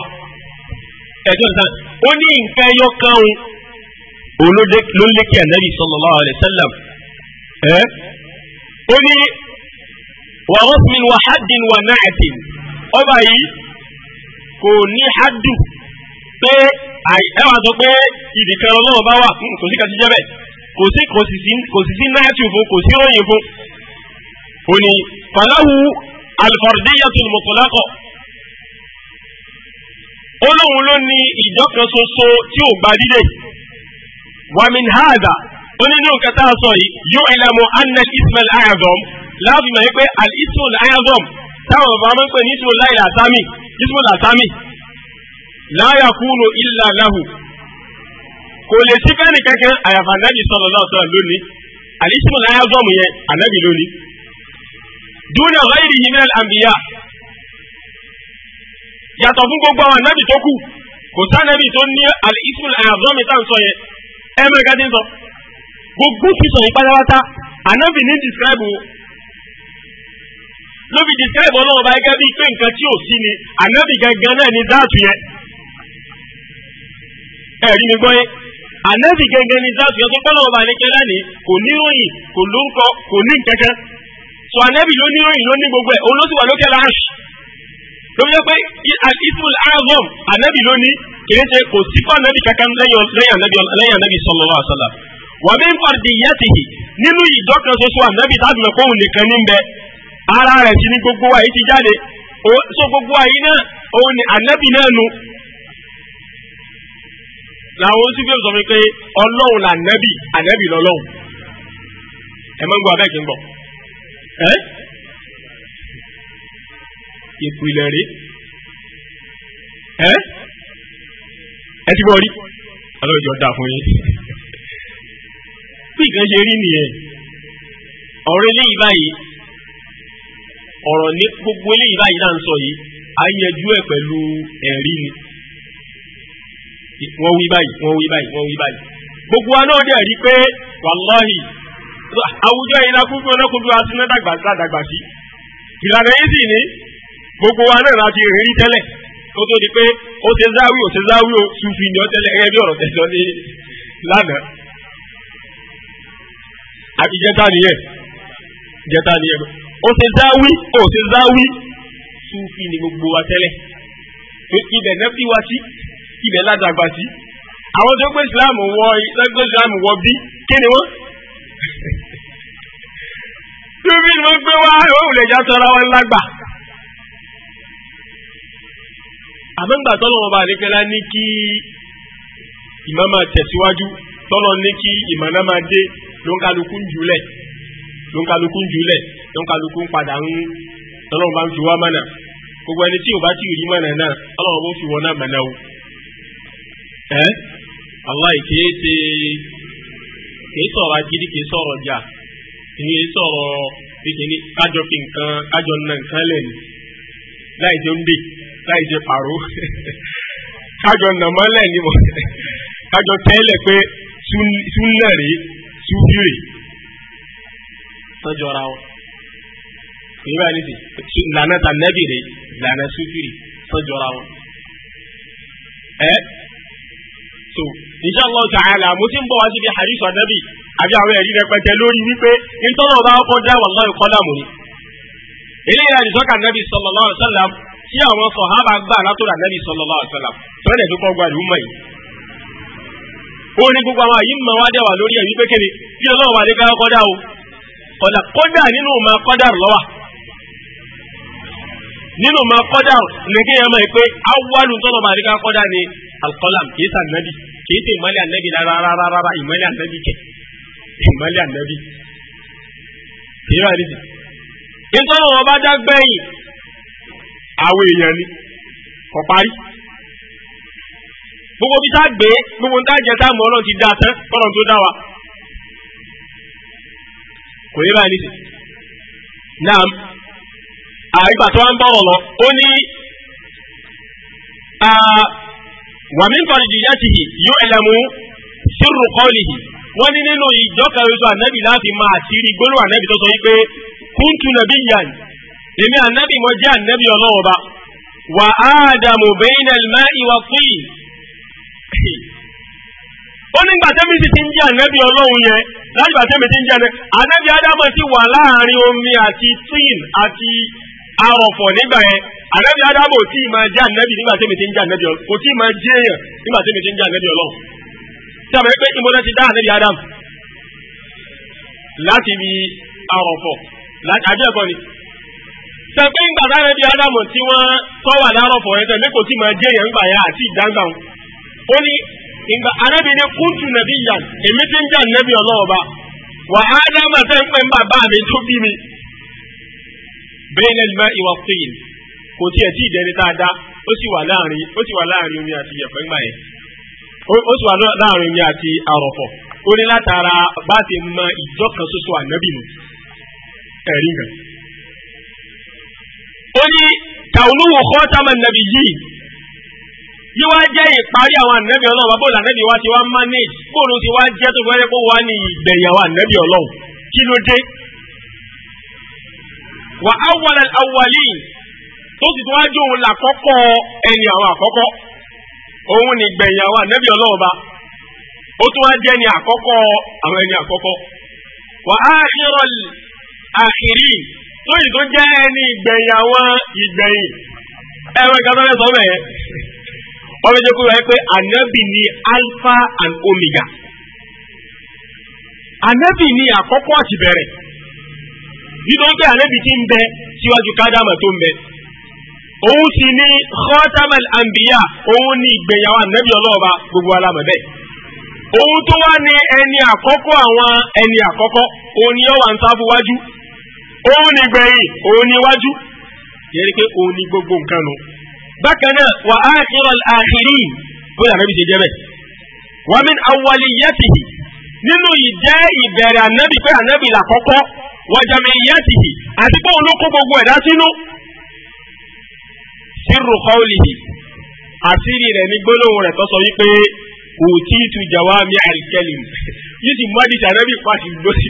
ẹ̀jọ̀ nǹkan ó ní nǹkan ẹyọ kan òun ló lékè ànábì sallallahu alaihi wasallam ẹ̀ ó ní wà náà ọba yìí kò ní ẹ wàá sọ pé ibìkan ọlọ́run bá wà hmm, kò sí kàtí jẹ́bẹ̀ kò sí kò sí kò sí sí náà tìfún kò sí ròyìn fún. ó ní falahu alfardiyatul mutlaqa ó lóun ló ní ìjọ kan ṣoṣo tí ò gba dídè wàmín hàdà ó ní sọ yìí yóò ìlànà anna ismail ayazom láàbùmọ̀ yìí pé al ismail ayazom táwọn bàbá máa ń pè ní ismail ayazami ismail asami láyà kúrò ìlà láhù kò lè sí fẹ́ẹ̀nì kankan àyàfà anábì sọ̀rọ̀ náà sọ̀rọ̀ lónìí àlísìmọ̀ láyà zọ́ọ̀mù yẹn anábì lónìí. dúnà ọ̀rẹ́rì yìí mìíràn àmbíyá yàtọ̀ fún gbogbo àwọn anábì tó kù kò sánábì tó ní àlísìmọ̀ ni zọ́ọ̀mù tá à ń sọ yẹn ẹ mẹ́rin kájí ń sọ gbogbo ti sọ yìí pátápátá anábì ní describe ló fi describe ọlọ́run bá gẹ́gẹ́ bíi pé nǹkan tí ò sí ni anábì gangan náà ni dáàtú yẹn ẹ̀rí mi gbọ́ yé ànábì gẹ́gẹ́ ni sáà tuyọ́ tó kọ́ lọ́wọ́ bá nìkẹ́ lánìí kò níròyìn kò lórúkọ kò ní nkankan sọ ànábì ló níròyìn ló ní gbogbo ẹ̀ òun ló sì wà lókè láàṣì ló fi jẹ́ pé ismul azam ànábì ló ní kìí ṣe kò sí fún ànábì kankan lẹ́yìn ànábì sallallahu alaihi wasallam wa min fardiyatihi nínú ìdọ́kan ṣoṣo ànábì tá ara rẹ̀ sí ní so gbogbo wa yìí náà òun làwọn oṣù fíìmù sọ fún mi pé ọlọ́run là nẹ́bì ànẹ́bì lọ́lọ́run ẹ máa ń gbọ́ abẹ́ kí n bọ̀ ẹ́ ìpìlẹ̀ rí ẹ́ ẹ ti bọ́ rí ọlọ́jọ́ dà fún yín bí nǹkan ṣe rí nìyẹn ọ̀rọ̀ eléyìí báyìí ọ̀rọ̀ ní gbogbo eléyìí báyìí náà ń sọ yìí á yanjú ẹ̀ pẹ̀lú ẹ̀rí ni wọ́n wí báyìí wọ́n wí báyìí wọ́n wí báyìí gbogbo wa náà dẹ̀ rí pé wàlọ́hì àwùjọ yìí la kún fún ọlọ́kùnrin wa sinú dàgbà sádàgbà sí ìlànà yìí sì ní gbogbo wa náà láti rí tẹ́lẹ̀ tó tó di pé ó ṣe záwí ó ṣe záwí ó sufi ni ó tẹ́lẹ̀ ẹ̀rẹ́ bí ọ̀rọ̀ tẹ̀sán ní lánàá àti jẹta nìyẹn jẹta nìyẹn ó ṣe záwí ó ṣe záwí sufi ni gbogbo wa tẹ́lẹ̀ ibẹ̀ náà fi sí tilẹ̀ ládàgbà sí àwọn tó gbé islam wọ tó islam wọ bí kí ni wọ́n. tóbi ni wọ́n gbé wá ìwọ́n wùlẹ̀ já sọ́ra wọn lágbà. àmọ́ngbà tọ́lọ̀ wọn bá àdékẹ́lá ní kí ìmọ̀ tẹ̀síwájú tọ́lọ̀ ní kí ìmọ̀ máa dé ló ń kálukú jùlẹ̀ ló ń kálukú jùlẹ̀ ló ń kálukú padà ń tọ́lọ̀ wọn bá ń fi wá mọ́nà gbogbo ẹni tí ò bá tí rí mọ́nà náà tọ́lọ̀ wọn bó fi wọn náà mọ̀nà o. ẹ́ Allah kìí ṣe kìí sọ̀rọ̀ kìí sọ̀rọ̀ jà kìí sọ̀rọ̀ kájọ fi nǹkan kájọ nǹkan lẹ́nu láì láì pàrọ̀ kájọ nà mọ́ lẹ́nu mọ́ kájọ tẹ́lẹ̀ pé so insha Allah ta'ala mo ti ń bọ̀ wá síbi hadith anabi àbí àwọn ẹ̀rí rẹpẹtẹ lórí wípé nítorí ọba ọkọ̀ dá wallahi qalamu ni. eléyìí náà nìjọ́ kan nabi sallallahu alaihi wasallam tí àwọn sọ̀hábà gbà látọ̀dọ̀ nabi sallallahu alaihi wasallam tó ẹ̀ fi kọ́ gba ìlú yìí. ó ní gbogbo àwọn àyè mọ̀ wá dẹ̀ wà lórí ẹ̀ wípé kéde kí ọlọ́run wà ní kọ́dá o kọ́dà nínú ọmọ kọ́dà lọ́wà nínú ma kọ́dà nìkẹ́ yẹn mọ̀ pé awalu tọ́lọ̀ bá àríkà kọ́dà ni alqalam kìí sàn nàbì kìí sè ìmọ̀lẹ̀ ànàbì rárá ìmọ̀lẹ̀ ànàbì kẹ̀ ìmọ̀lẹ̀ ànàbì. èyí wà nídìí. nítorí wọn bá dá gbẹ̀yìn àwọn èèyàn ni kò parí. gbogbo bí sáà gbogbo níta jẹ táàmù ọlọ́run ti dá tán kọ́lọ́n tó dá wa. kò yẹ báyìí nídìí. naam àìgbà ah, tó ń bọ̀rọ̀ lọ ó ní wàmí fàlìjì yàtì yóò ẹlẹ́mú sírù kọ́ọ̀lìhì wọ́n ní nínú ìjọkàrẹ́sọ ànábì láti máa tìrí gbólóhùn ànábì tó sọ wípé kúntù nàbí yàn èmi ànábì mo jẹ́ ànábì ọlọ́wọ́ bá wà áàdàmù bẹ́yìn ẹ̀lmá ìwà fúyì. ó ní gbàtẹ́mi ti ti ń jẹ́ ànábì ọlọ́run yẹn láti gbàtẹ́mi ti ń jẹ́ ànábì ádámù ti wà láàrin omi àti tíìn àti arọ̀fọ̀ nígbà yẹn ànábì Adamu tí ì máa jẹ́ ànábì nígbà tí ti ń jẹ́ ànábì ọlọ́ kò tí ì máa jẹ́ ti ń ànábì a máa láti bi arọ̀fọ̀ ni. sẹ́pẹ́ ń gbàdá ànábì ádámù tí wọ́n tọ́wà lárọ̀fọ̀ yẹn tẹ̀lé kò tí ì máa jẹ́ èèyàn nígbà yẹn àti ìdáńgbà ó ní ìgbà ànábì kúntù nàbí yàn èmi ti ń jẹ́ ànábì ọlọ́ọ̀ba ń mi tó bí bayna al-ma'i wat-tin kò tiẹ̀ tí ì dẹni dáadáa ó sì wà láàrin ó sì wà láàrin omi àti yẹ̀pẹ̀ ńgbà yẹn ó sì wà láàrin omi àti àrọ̀fọ̀ ó ní látara bá ti mọ ìjọ kan ṣoṣo ànábì mu ẹ̀rí nǹkan. ó ní tàwùlùwò kọ́tàmà nàbì yìí yíwá jẹ́ ìparí àwọn ànábì ọlọ́run bá bóòlù ànábì wa ti wá manage bóòlù ti wá jẹ́ tó fẹ́rẹ́ kó wá ní ìgbẹ̀yàwó ànábì ọlọ́run kí ló dé Wa awwal awali awwalin tó sì tún wá jẹ́ òun làkọ́kọ́ ẹni àwọn àkọ́kọ́ òun ni gbẹ̀yìn àwọn ọlọ́ọ̀ba ó tún wá jẹ́ ni àkọ́kọ́ àwọn ẹni àkọ́kọ́ wà akhirul akhirin tó sì tún jẹ́ ẹni ìgbẹ̀yìn ìgbẹ̀yìn ẹ̀rọ ìgbàgbọ́n sọ wọ́n fi jẹ́ kó ni alfa and omega ni àkọ́kọ́ àti bẹ̀rẹ̀. dídó pé ànábì ti ń bẹ síwájú kádàmà tó ń bẹ òun sì ní khatamal anbiya òun ní ìgbẹ̀yàwó ànábì ọlọ́ọ̀ba gbogbo alámọ̀ bẹ́ẹ̀ òun tó wá ní ẹni àkọ́kọ́ àwọn ẹni àkọ́kọ́ òun ni ọwà ń sáfù wájú òun ní gbẹ̀yìn òun ní wájú yẹn ni pé òun ní gbogbo nǹkan nù bákan náà wà á kíral àhírí bóyá ànábì ṣe jẹ́ bẹ́ẹ̀ wà mí awwaliyatihi nínú ìjẹ́ ìbẹ̀rẹ̀ ànábì pé ànábì làkọ́kọ́ wàjàmì ìyàtìhì àti pé òun ló kó gbogbo ẹ̀dá sínú. sírù kọ́ọ̀lìhì àṣírí rẹ̀ ní gbólóhùn rẹ̀ tó sọ wípé kò tí tu jawami alkelim yìí ti mú àdìsí ànábì pàṣẹ lóṣì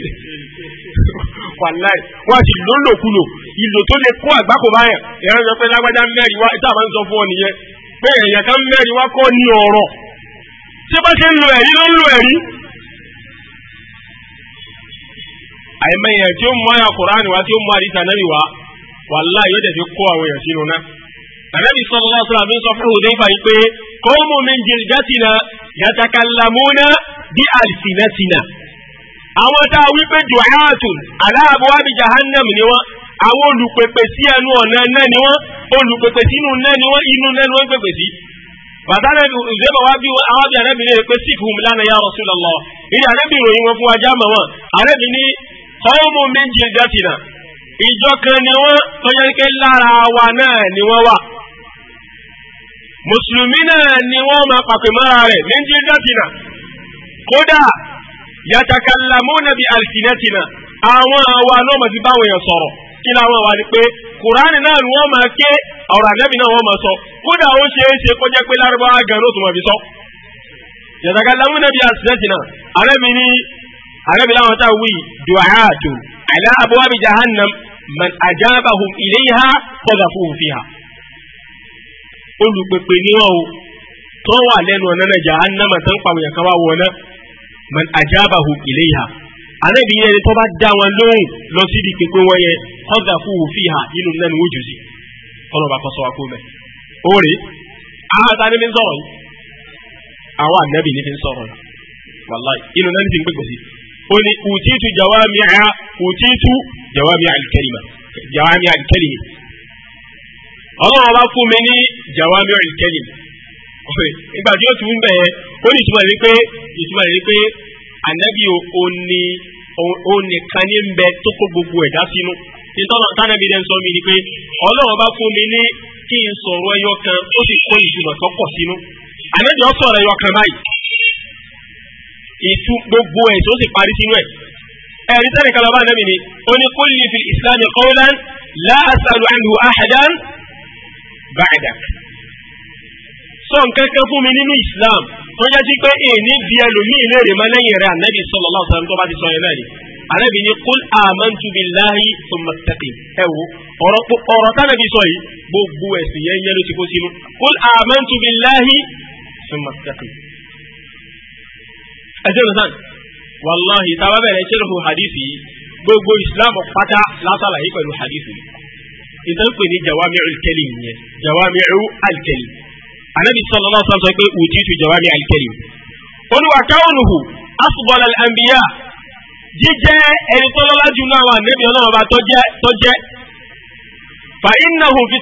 wàláì wọn ti lólòkulò ìlò tó lè kó àgbákò báyà ìyá sọ pé lágbájá mẹ́rin wá ìta máa fún ọ nìyẹn pé èèyàn kan mẹ́rin wá kọ́ ní ọ̀rọ̀ ṣé bá ṣe ń lo ẹ̀rí ló ń lo ẹ̀rí àìmọye tí ó mú àyà kùránì wá tí ó mú àdìsá náà wá wàláhì yóò dẹ̀bi kó àwọn èèyàn sínú náà. Ànábì sallallahu alaihi wasallam sọ fún òde ìfà yìí pé qawmun min jildatina yatakallamuna bi alsinatina. Àwọn tá a wí du'atun ala abwabi jahannam ni wọ́n àwọn olùpèpè sí ẹnu ọ̀nà náà ni wọ́n olùpèpè sínú náà ni wọ́n inú náà ni wọ́n pèpè sí bàtàlẹ̀ ìjọba wa bí àwọn àbí arábìnrin rẹ̀ pé sífù mi lánàá ya Rasulullah ilé arábìnrin ròyìn wọn fún ajá mọ̀ wọn arábìnrin kọ́ọ̀mù méjì ẹjọ́ ti nà ìjọ kan ni wọ́n tó yẹ kí lára wa náà ni wọ́n wà mùsùlùmí náà ni wọ́n máa pàpè mọ́ra rẹ̀ méjì ẹjọ́ ti nà kódà yàtàkàlàmúnà bí alìsìnẹ́tìnà àwọn àwa náà mọ̀ sí báwọn èèyàn sọ̀rọ̀ kí láwọn wà ní pé kùránì náà ni wọ́n máa ké ọ̀rọ̀ ànábì náà wọ́n máa sọ kódà ó ṣeé ṣe kó pé lárúbáwá gan ló tún máa fi sọ yàtàkàlàmúnà bí alìsìnẹ́tìnà àrẹ́mi ni arábìnrin àwọn tá a wí du'aatu ala abwabi jahannam man ajabahum ilayha qadhafuhu fiha. olùpèpè ní wọn o tó wà lẹ́nu ọ̀nà náà jahannam tó ń pàwọ̀ yẹn kan wá wọ̀ náà man ajabahum ilayha. arábìnrin yẹn tó bá dá wọn lóhùn lọ sí ibi pèpè wọn yẹn qadhafuhu fiha inú náà ni wọ́n jù sí ọlọ́ba wa kó mẹ́. orí àwọn àtàlẹ́ mi ń sọ̀rọ̀ yìí àwọn ànábì ní fi ń sọ̀rọ̀ yìí wàláì inú náà ní ó ní ùtítù jawami'a ùtítù jawami'a al-kalima jawami'a al ọlọ́run bá fún mi ní jawami'a al ìgbà tí ó tún ń bẹ̀yẹ ó ní ìtumọ̀ ìtumọ̀ gbogbo ẹ̀dá sínú tánàbí dẹ́ ń sọ ni pé ọlọ́run fún mi ní kí n sọ̀rọ̀ ẹyọ kan sì kó ìtú gbogbo ẹ̀ tó sì parí sínú ẹ̀ ẹ̀rí sẹ́ni kan lọ́ba nẹ́mi ni ó ní kó lè fi islam qawlan la as'alu anhu ahadan ba'dak sọ nǹkan kan fún mi nínú islam tó jẹ́ sí pé èyí bí ẹlòmíì léèrè mọ́ lẹ́yìn rẹ̀ ànábì sallallahu alaihi wasallam tó bá ti sọ yẹn náà ni ànábì ní qul amantu billahi thumma istaqim ẹ wo ọ̀rọ̀ tánàbí sọ yìí gbogbo ẹ̀sìn yẹn yẹn ló ti kó sínú qul amantu billahi thumma istaqim ẹ̀sẹ̀ ìrọ̀sán wàláhì tàbá bẹ̀rẹ̀ ṣẹ́lẹ̀kù hadithi gbogbo islam pátá látàlàyé pẹ̀lú hadithi ìtàn pè ní jawami alkelim yẹn jawami alkelim anabi sallallahu alaihi wasallam sọ pé utitu jawami alkelim olùwà káwọnùhù asùbọ̀lá al-anbiya jíjẹ́ ẹni tó lọ́lá jù náà wà níbi ọlọ́run ọba tó jẹ́ fa innahu fi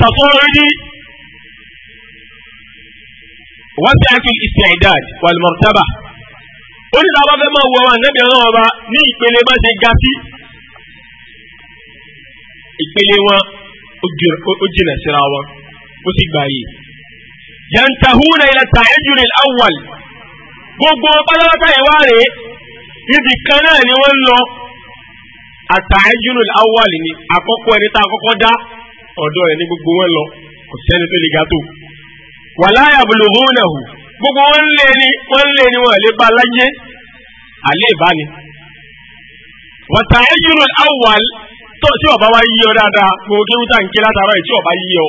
tasọ́ọ̀rì wọ́n ti àti ìsìnàìdáàd wàlùmọ̀tàbà ó ní sábà fẹ́ máa wọ àwọn ànábì ọlọ́run ọba ní ìpele bá ṣe ga sí ìpele wọn ó jìnà síra wọn ó sì gbà yìí. yantahuna ila ta'ajjul al-awwal gbogbo pátápátá ìwá rèé níbi kan náà ni wọ́n lọ àtàájúnú al-awwal ni àkọ́kọ́ ẹni tá a dá ọ̀dọ̀ ẹ̀ gbogbo wọn lọ kò sẹ́ni tó le ga tó wàlá yablugunahu gbogbo wọn lé ní wọn lé ní wọn lè ba láyé àlẹ́ ìbáni. wọ́tà ẹ̀yúrò awwal tó tí ọba wa yí ọ dáadáa gbogbo kí wúta nkí látara ẹ̀ tí ọba yí ọ.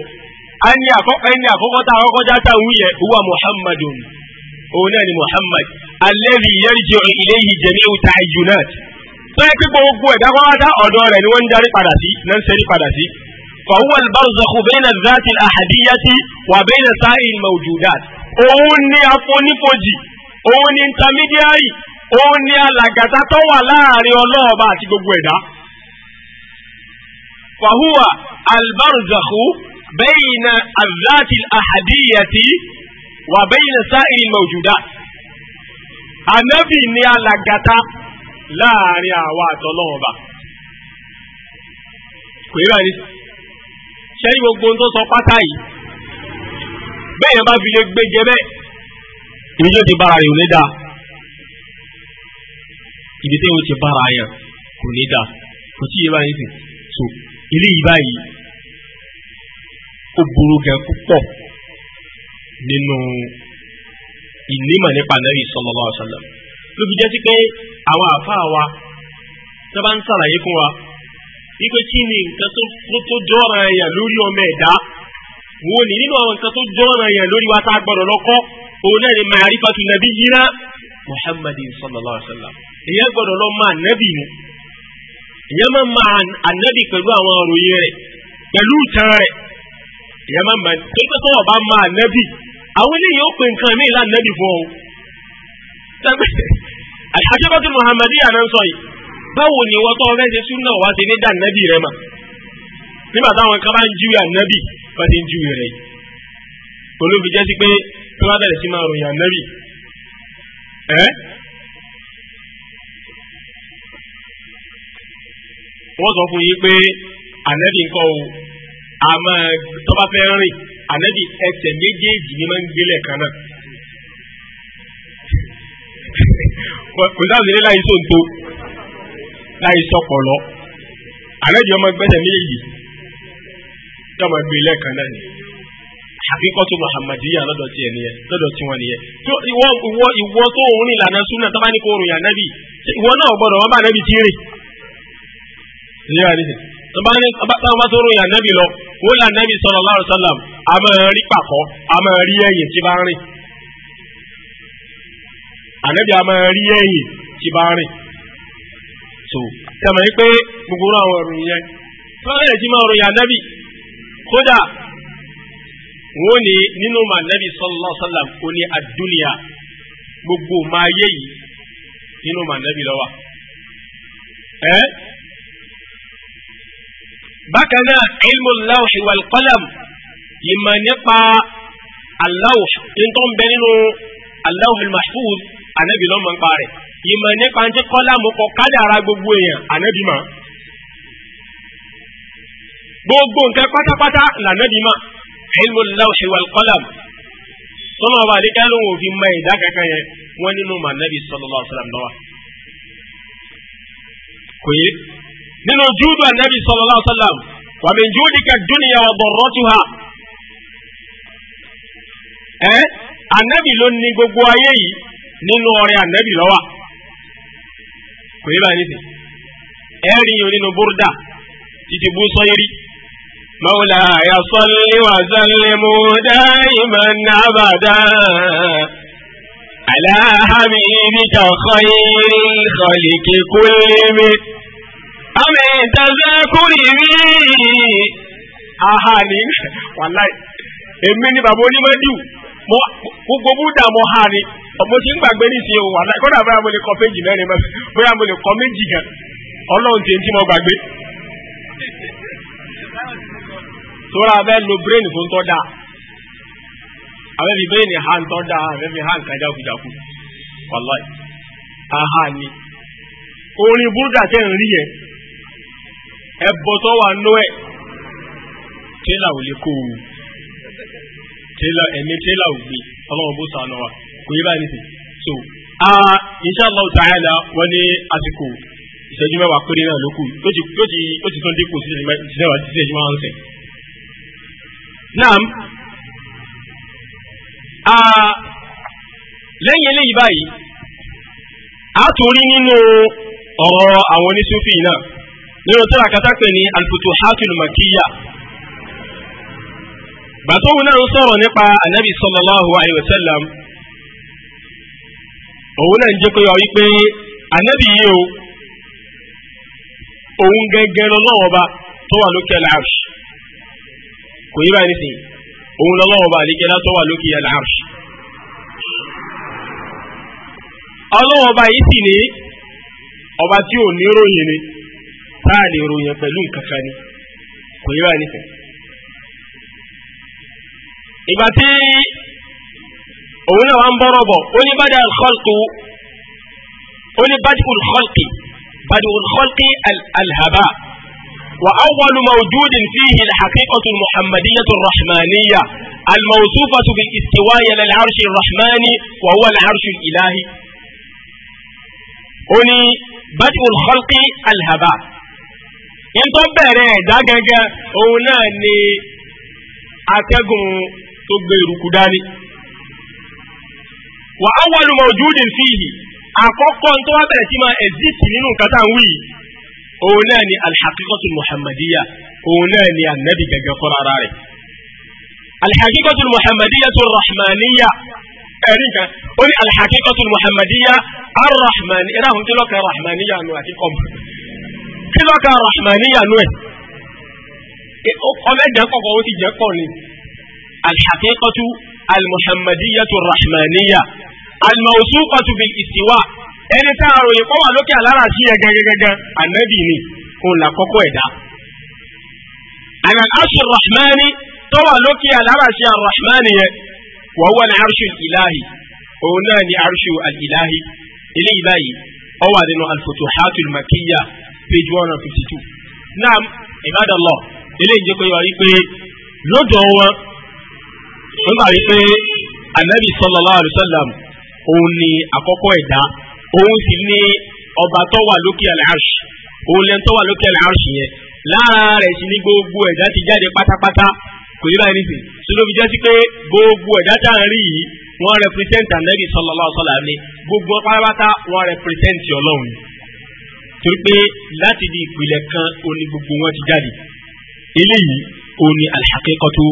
ẹni àkọ́kọ́ ẹni àkọ́kọ́ tá àkọ́kọ́ já tá wúyẹ huwa muhammadun òun náà ni muhammad alladhi yarji'u ilayhi jami'u ta'ayyunat. tó yẹ kí gbogbo ẹ̀dá kọ́kọ́ta ọ̀dọ́ rẹ̀ ni wọ́n ń darí padà sí náà ń sẹ́rí padà sí. fa barzakhu bayna adh-dhati al wà bẹ́ẹ̀ ní sáà ìlmà òjòdàt òun ni àfonífojì òun ni intermediary òun ni alàgàtà tó wà láàrin ọlọ́ọ̀ba àti gbogbo ẹ̀dá. fàhùwà albarzakhu bẹ́yìn azati ahadiyati wà bẹ́yìn sáà ìlmà òjòdàt. ànábì ni alàgàtà láàrin àwa àtọlọ́ọ̀ba kò yíra sẹ́yìn gbogbo tó sọ pátá yìí bẹ́ẹ̀ yẹn bá fi lè gbé jẹ bẹ́ẹ̀ ibi tí ó ti bára rẹ̀ ò ní dáa ibi tí ó ti bára yẹn kò ní dáa kò tí ì yẹ báyìí sìn so eléyìí báyìí ó burú gan púpọ̀ nínú ìnímọ̀ nípa Ànábì sallallahu alaihi wasallam ló fi jẹ́ sí pé àwọn àfáà wa tó bá ń sàlàyé fún wa wípé kí ni nǹkan tó jọ́ra ẹ̀yà lórí ọmọ ẹ̀dá wo ni nínú àwọn nǹkan tó jọ́nà yẹn lórí wa tá a gbọ́dọ̀ lọ́kọ́ òun náà ni màrífàtú nàbí yíná muhammadin sallallahu alaihi wa sallam ìyẹn gbọ́dọ̀ lọ máa nàbì mu ìyẹn máa ma ànábì pẹ̀lú àwọn òròyìn rẹ̀ pẹ̀lú ìtàn rẹ̀ ìyẹn máa ma tó pé tọ́wọ́ bá ma ànábì àwọn eléyìí ó pe nǹkan mí ìlànà ànábì fún ọ. àṣekọ́tù muhammadin àná ń sọ yìí báwo ni wọ́n tọ́ ọ ṣe súnà wá sí ní dà ànábì rẹ̀ mà nígbà táwọn kan bá ń jíwèé ànábì fati ń júwe rẹ̀ yìí olóbi jẹ́ sí pé tí wọ́n bẹ̀rẹ̀ sí máa ròyìn ànábì ẹ́ wọ́n sọ fún yín pé ànábì nǹkan o a máa tó bá fẹ́ rìn ànábì ẹsẹ̀ méjèèjì ni máa ń gbélé kan náà kò sáà sílé láì sóńtó láì sọpọ̀ lọ ànábì ọmọ gbẹ́sẹ̀ méjèèjì yóò máa gbé lẹ́ẹ̀kan náà ni àbíkọ́tù muhammadiya lọ́dọ̀ tiẹ̀ nìyẹn lọ́dọ̀ tiwọn nìyẹn tó ìwọ ìwọ ìwọ tó ń rìn lànà súnà tó bá ní kó ròyìn ànábì ìwọ náà gbọ́dọ̀ wọn bá ànábì tí ń rìn. ìyá rẹ tó bá ní táwọn bá tó ròyìn ànábì lọ wọn là ànábì sallallahu alaihi wasallam a máa rí pàkọ́ a máa rí ẹ̀yìn tí bá ń rìn. ànábì a máa rí ẹ̀yìn tí bá ń rìn. so tẹ̀mọ̀ yìí pé gbogbo àwọn ọ̀rùn yẹn tó kódà wọ́n ní nínú mànẹ́bí sallallahu alaihi wasallam ó ní àdúnìyà gbogbo máa yé yìí nínú mànẹ́bí lọ́wọ́ ẹ́ bákan náà ilmu lawhi wal qalam ìmọ̀ nípa aláwọ̀ tó ń bẹ nínú aláwọ̀ mahfuz ànẹ́bí lọ́mọ ń parẹ́ ìmọ̀ nípa ń tí kọ́lámù kọ kádàrá gbogbo èèyàn ànẹ́bí máa gbogbo nǹkan pátápátá lànàbí ma ilmu lawhi wal qalam tọ́nà ọba àdékẹ́ ló ń wò fi ma ìdá kankan yẹn wọ́n nínú mànàbí sallallahu alaihi wasallam lọ́wọ́. kò yé nínú júùdù ànàbí sallallahu alaihi wasallam wa min júùdìkà dúnìyà darratuha. ẹ ànàbí ló ní gbogbo ayé yìí nínú ọrẹ ànàbí lọ́wọ́ kò yé báyìí nìsín ẹ̀rí yìí nínú búrúdà títí bú sọ́yẹ́rì. مولاي يصل وسلم دائما أبدا على حبيبك خير الخلق كلهم أمن تذكر بي أهاني والله èmi ni bàbá onímọ̀jú gbogbo búdà mo ha ni ọmọ tí ń gbàgbé nísìnyí o wà láì kọ́dà bóyá mo lè kọ péjì mẹ́rin mẹ́fẹ́ bóyá mo lè kọ méjì gan ọlọ́run tiẹ̀ tí mo gbàgbé tora abẹ́ lo brain fún tọ́ da abẹ́ fi brain hàn tọ́ da abẹ́ fi hàn kájà kújàkú aha ni orin búrúdà tẹ́ ń rí yẹn ẹ̀bọ̀ wa wà nú ẹ̀ tẹ́lá o tẹ́lá ẹ̀mí tẹ́lá ò gbé ọlọ́run bó sànù wa kò so aa insha Allah ta'ala wọ́n ní àsìkò ìṣẹ́jú mẹ́wàá péré náà ti tó ti ti tún sí ìṣẹ́jú mẹ́wàá ìṣẹ́jú mẹ́wàá ń naam lẹ́yìn eléyìí báyìí a tún rí nínú ọ̀rọ̀ àwọn oníṣúfì náà nínú tírà kan tá pè ní al-Futuhatul Makkiyya bàtọ́hùn náà ń sọ̀rọ̀ nípa anabi sallallahu alayhi wa sallam òun náà ń jẹ́ pé ọ̀rí pé anabi yìí o òun gẹ́gẹ́ lọ́wọ́ ọba tó wà lókè al kò yí báyìí nísìnyí òun lọ́lọ́wọ́ bá àlékè látọ́ wà lókè al-arsh. ọlọ́wọ́ bá yìí sì ní ọba tí ò ní ròyìn ni tá a lè ròyìn pẹ̀lú nǹkankan ni kò yí báyìí nísìnyí. ìgbà tí òun náà wà ń bọ́rọ̀ bọ̀ ó ní bada al ó ní badi'ul khalqi badi'ul khalqi al-haba. al al وأول موجود فيه الحقيقة المحمدية الرحمانية الموصوفة بالاستواء للعرش العرش الرحماني وهو العرش الإلهي أني بدء الخلق الهباء إن تبرع دقاقا أولاني أتقم تبير كداني وأول موجود فيه أقوى كنت أتأتي ما أزيت منه كتان ويه òun náà ni alḥaqiqatu muhammadiya òun náà ni anabi gẹ́gẹ́ kọ́ra ara rẹ̀ alḥaqiqatu muhammadiya tó rahmaniya ẹ̀rí kan ó ní alḥaqiqatu muhammadiya arrahmaniya ẹ̀rọ àwọn kílọ̀ kan rahmaniya nù àti kọ́mpù kílọ̀ kan rahmaniya nù ẹ̀ ọmọ ẹ̀dá kọ̀kọ́ ó ti jẹ́ kọ́ ni alḥaqiqatu almuhammadiya tó rahmaniya almawsuqatu bil istiwa ẹni tá a ròyìn kọ́ wà lókè alára sí ẹ gangan ànábì ni òun là kọ́kọ́ ẹ̀dá. àná aṣọ rahmani tó wà lókè alára sí arahmani yẹn wọ́n wọ́n ní arṣu ìláhi òun náà ní arṣu ìláhi ilé ìbáyìí ó wà nínú alfutuhatul makiyya page one hundred fifty two. naam ibadallah ilé ìjẹ́pẹ́ wa wípé lọ́dọ̀ wọn wọ́n gbà wípé anabi sallallahu alayhi wa òun ni àkọ́kọ́ ẹ̀dá òun sì ni ọba tó wà lókè àlàáṣì òun lẹ́nu tó wà lókè àlàáṣì yẹn lára rẹ̀ sì ni gbogbo ẹ̀dá ti jáde pátápátá kò yí báyìí nìsín sínú fi jẹ́ sí pé gbogbo ẹ̀dá tá à ń rí yìí wọ́n represent anabi sallallahu alaihi wasallam ni gbogbo pátápátá wọ́n represent ọlọ́run torí pé láti di ìpìlẹ̀ kan òní gbogbo wọn ti jáde eléyìí òní alhaqiqatu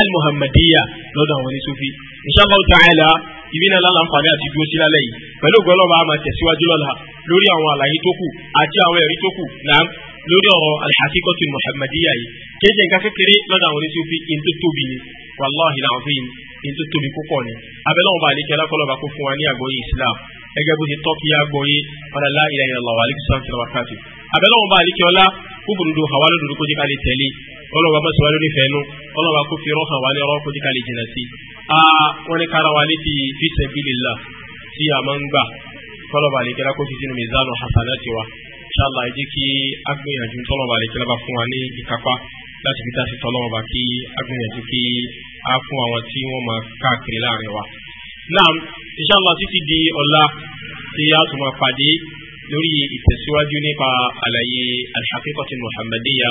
almuhammadiyya lọ́dọ̀ àwọn oníṣòfin inshallah ta'ala ibi náà lálàǹfààní àti dúró sí lálẹ́ yìí pẹ̀lú ògbọ́lọ́ba a máa tẹ̀síwájú lọ́la lórí àwọn àlàyé tó kù àti àwọn ẹ̀rí tó kù náà lórí ọ̀rọ̀ alhakikọ́tù muhammadiyya yìí kéde nǹkan kékeré lọ́dọ̀ àwọn oníṣòfin in tó tóbi ni wàláhi làwọn fi yìí ní tó tóbi púpọ̀ ni abẹ́lẹ́wọ̀n bá àlékẹ́ alákọ̀ọ́lọ́ba kó fún wa ní àgbọ́yé Islam ẹgẹ́ bó ti tọ́ kí àgbọ́yé ọ̀nà láì ilẹ̀ ìlọ̀ wà àlékẹ́ sọ́ọ̀tì lọ́wọ́ káàtì abẹ́lẹ́wọ̀n bá àlékẹ́ ọlá kó bùrùdù hàwa lódodo kó jẹ́ ká lè tẹ̀lé ọlọ́wọ́ bá sọ̀rọ̀ lórí fẹ́nu ọlọ́wọ́ kó fi rọ́hàn wa ní ọ̀rọ̀ kó jẹ́ ká lè jìnà sí wọn ni kára wa létí fi sabilillah tí a máa ń gbà kọ́lọ́ba àlékẹ́ lákó fi sínú mizanu hasanati wa inshallah ẹ jẹ́ kí agbóyanjú tọ́lọ́ba àlékẹ́ lábá fún wa ní ìkápá láti fi dá sí tọ́lọ́ba kí agbóyanjú kí á fún àwọn tí wọ́n máa káàkiri láàrin wa. Naam, inshallah títí di ọ̀la tí a tún máa pàdé lórí ìtẹ̀síwájú nípa àlàyé al-haqiqati muhammadiyya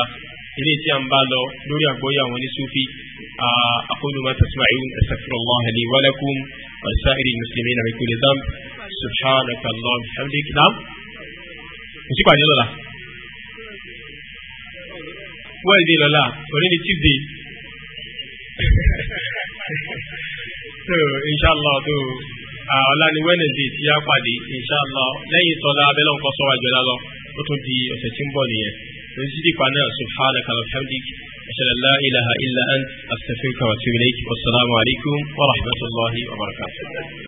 ilé tí a ń bá lọ lórí àgbóyà àwọn oníṣúfì aqulu ma tasma'un astaghfirullah wa lakum wa sa'iri muslimina min kulli dhanb subhanaka allahumma wa bihamdika naam. lọ́la. Wẹ́ẹ̀dì lọ́la, òní Tuesday so inshallah tó ọ̀la uh, ni wednesday tí a pàdé inshallah lẹ́yìn sọ́lá abẹ́lẹ́ nǹkan sọ́wọ́ àjọyọ̀ lọ ó tún di ọ̀sẹ̀ tí ń bọ̀ nìyẹn lójú dípa náà subhanaka wa hamdik ashhadu an la ilaha illa ant astaghfiruka wa atubu ilayk wassalamu alaikum wa rahmatullahi wa barakatuh.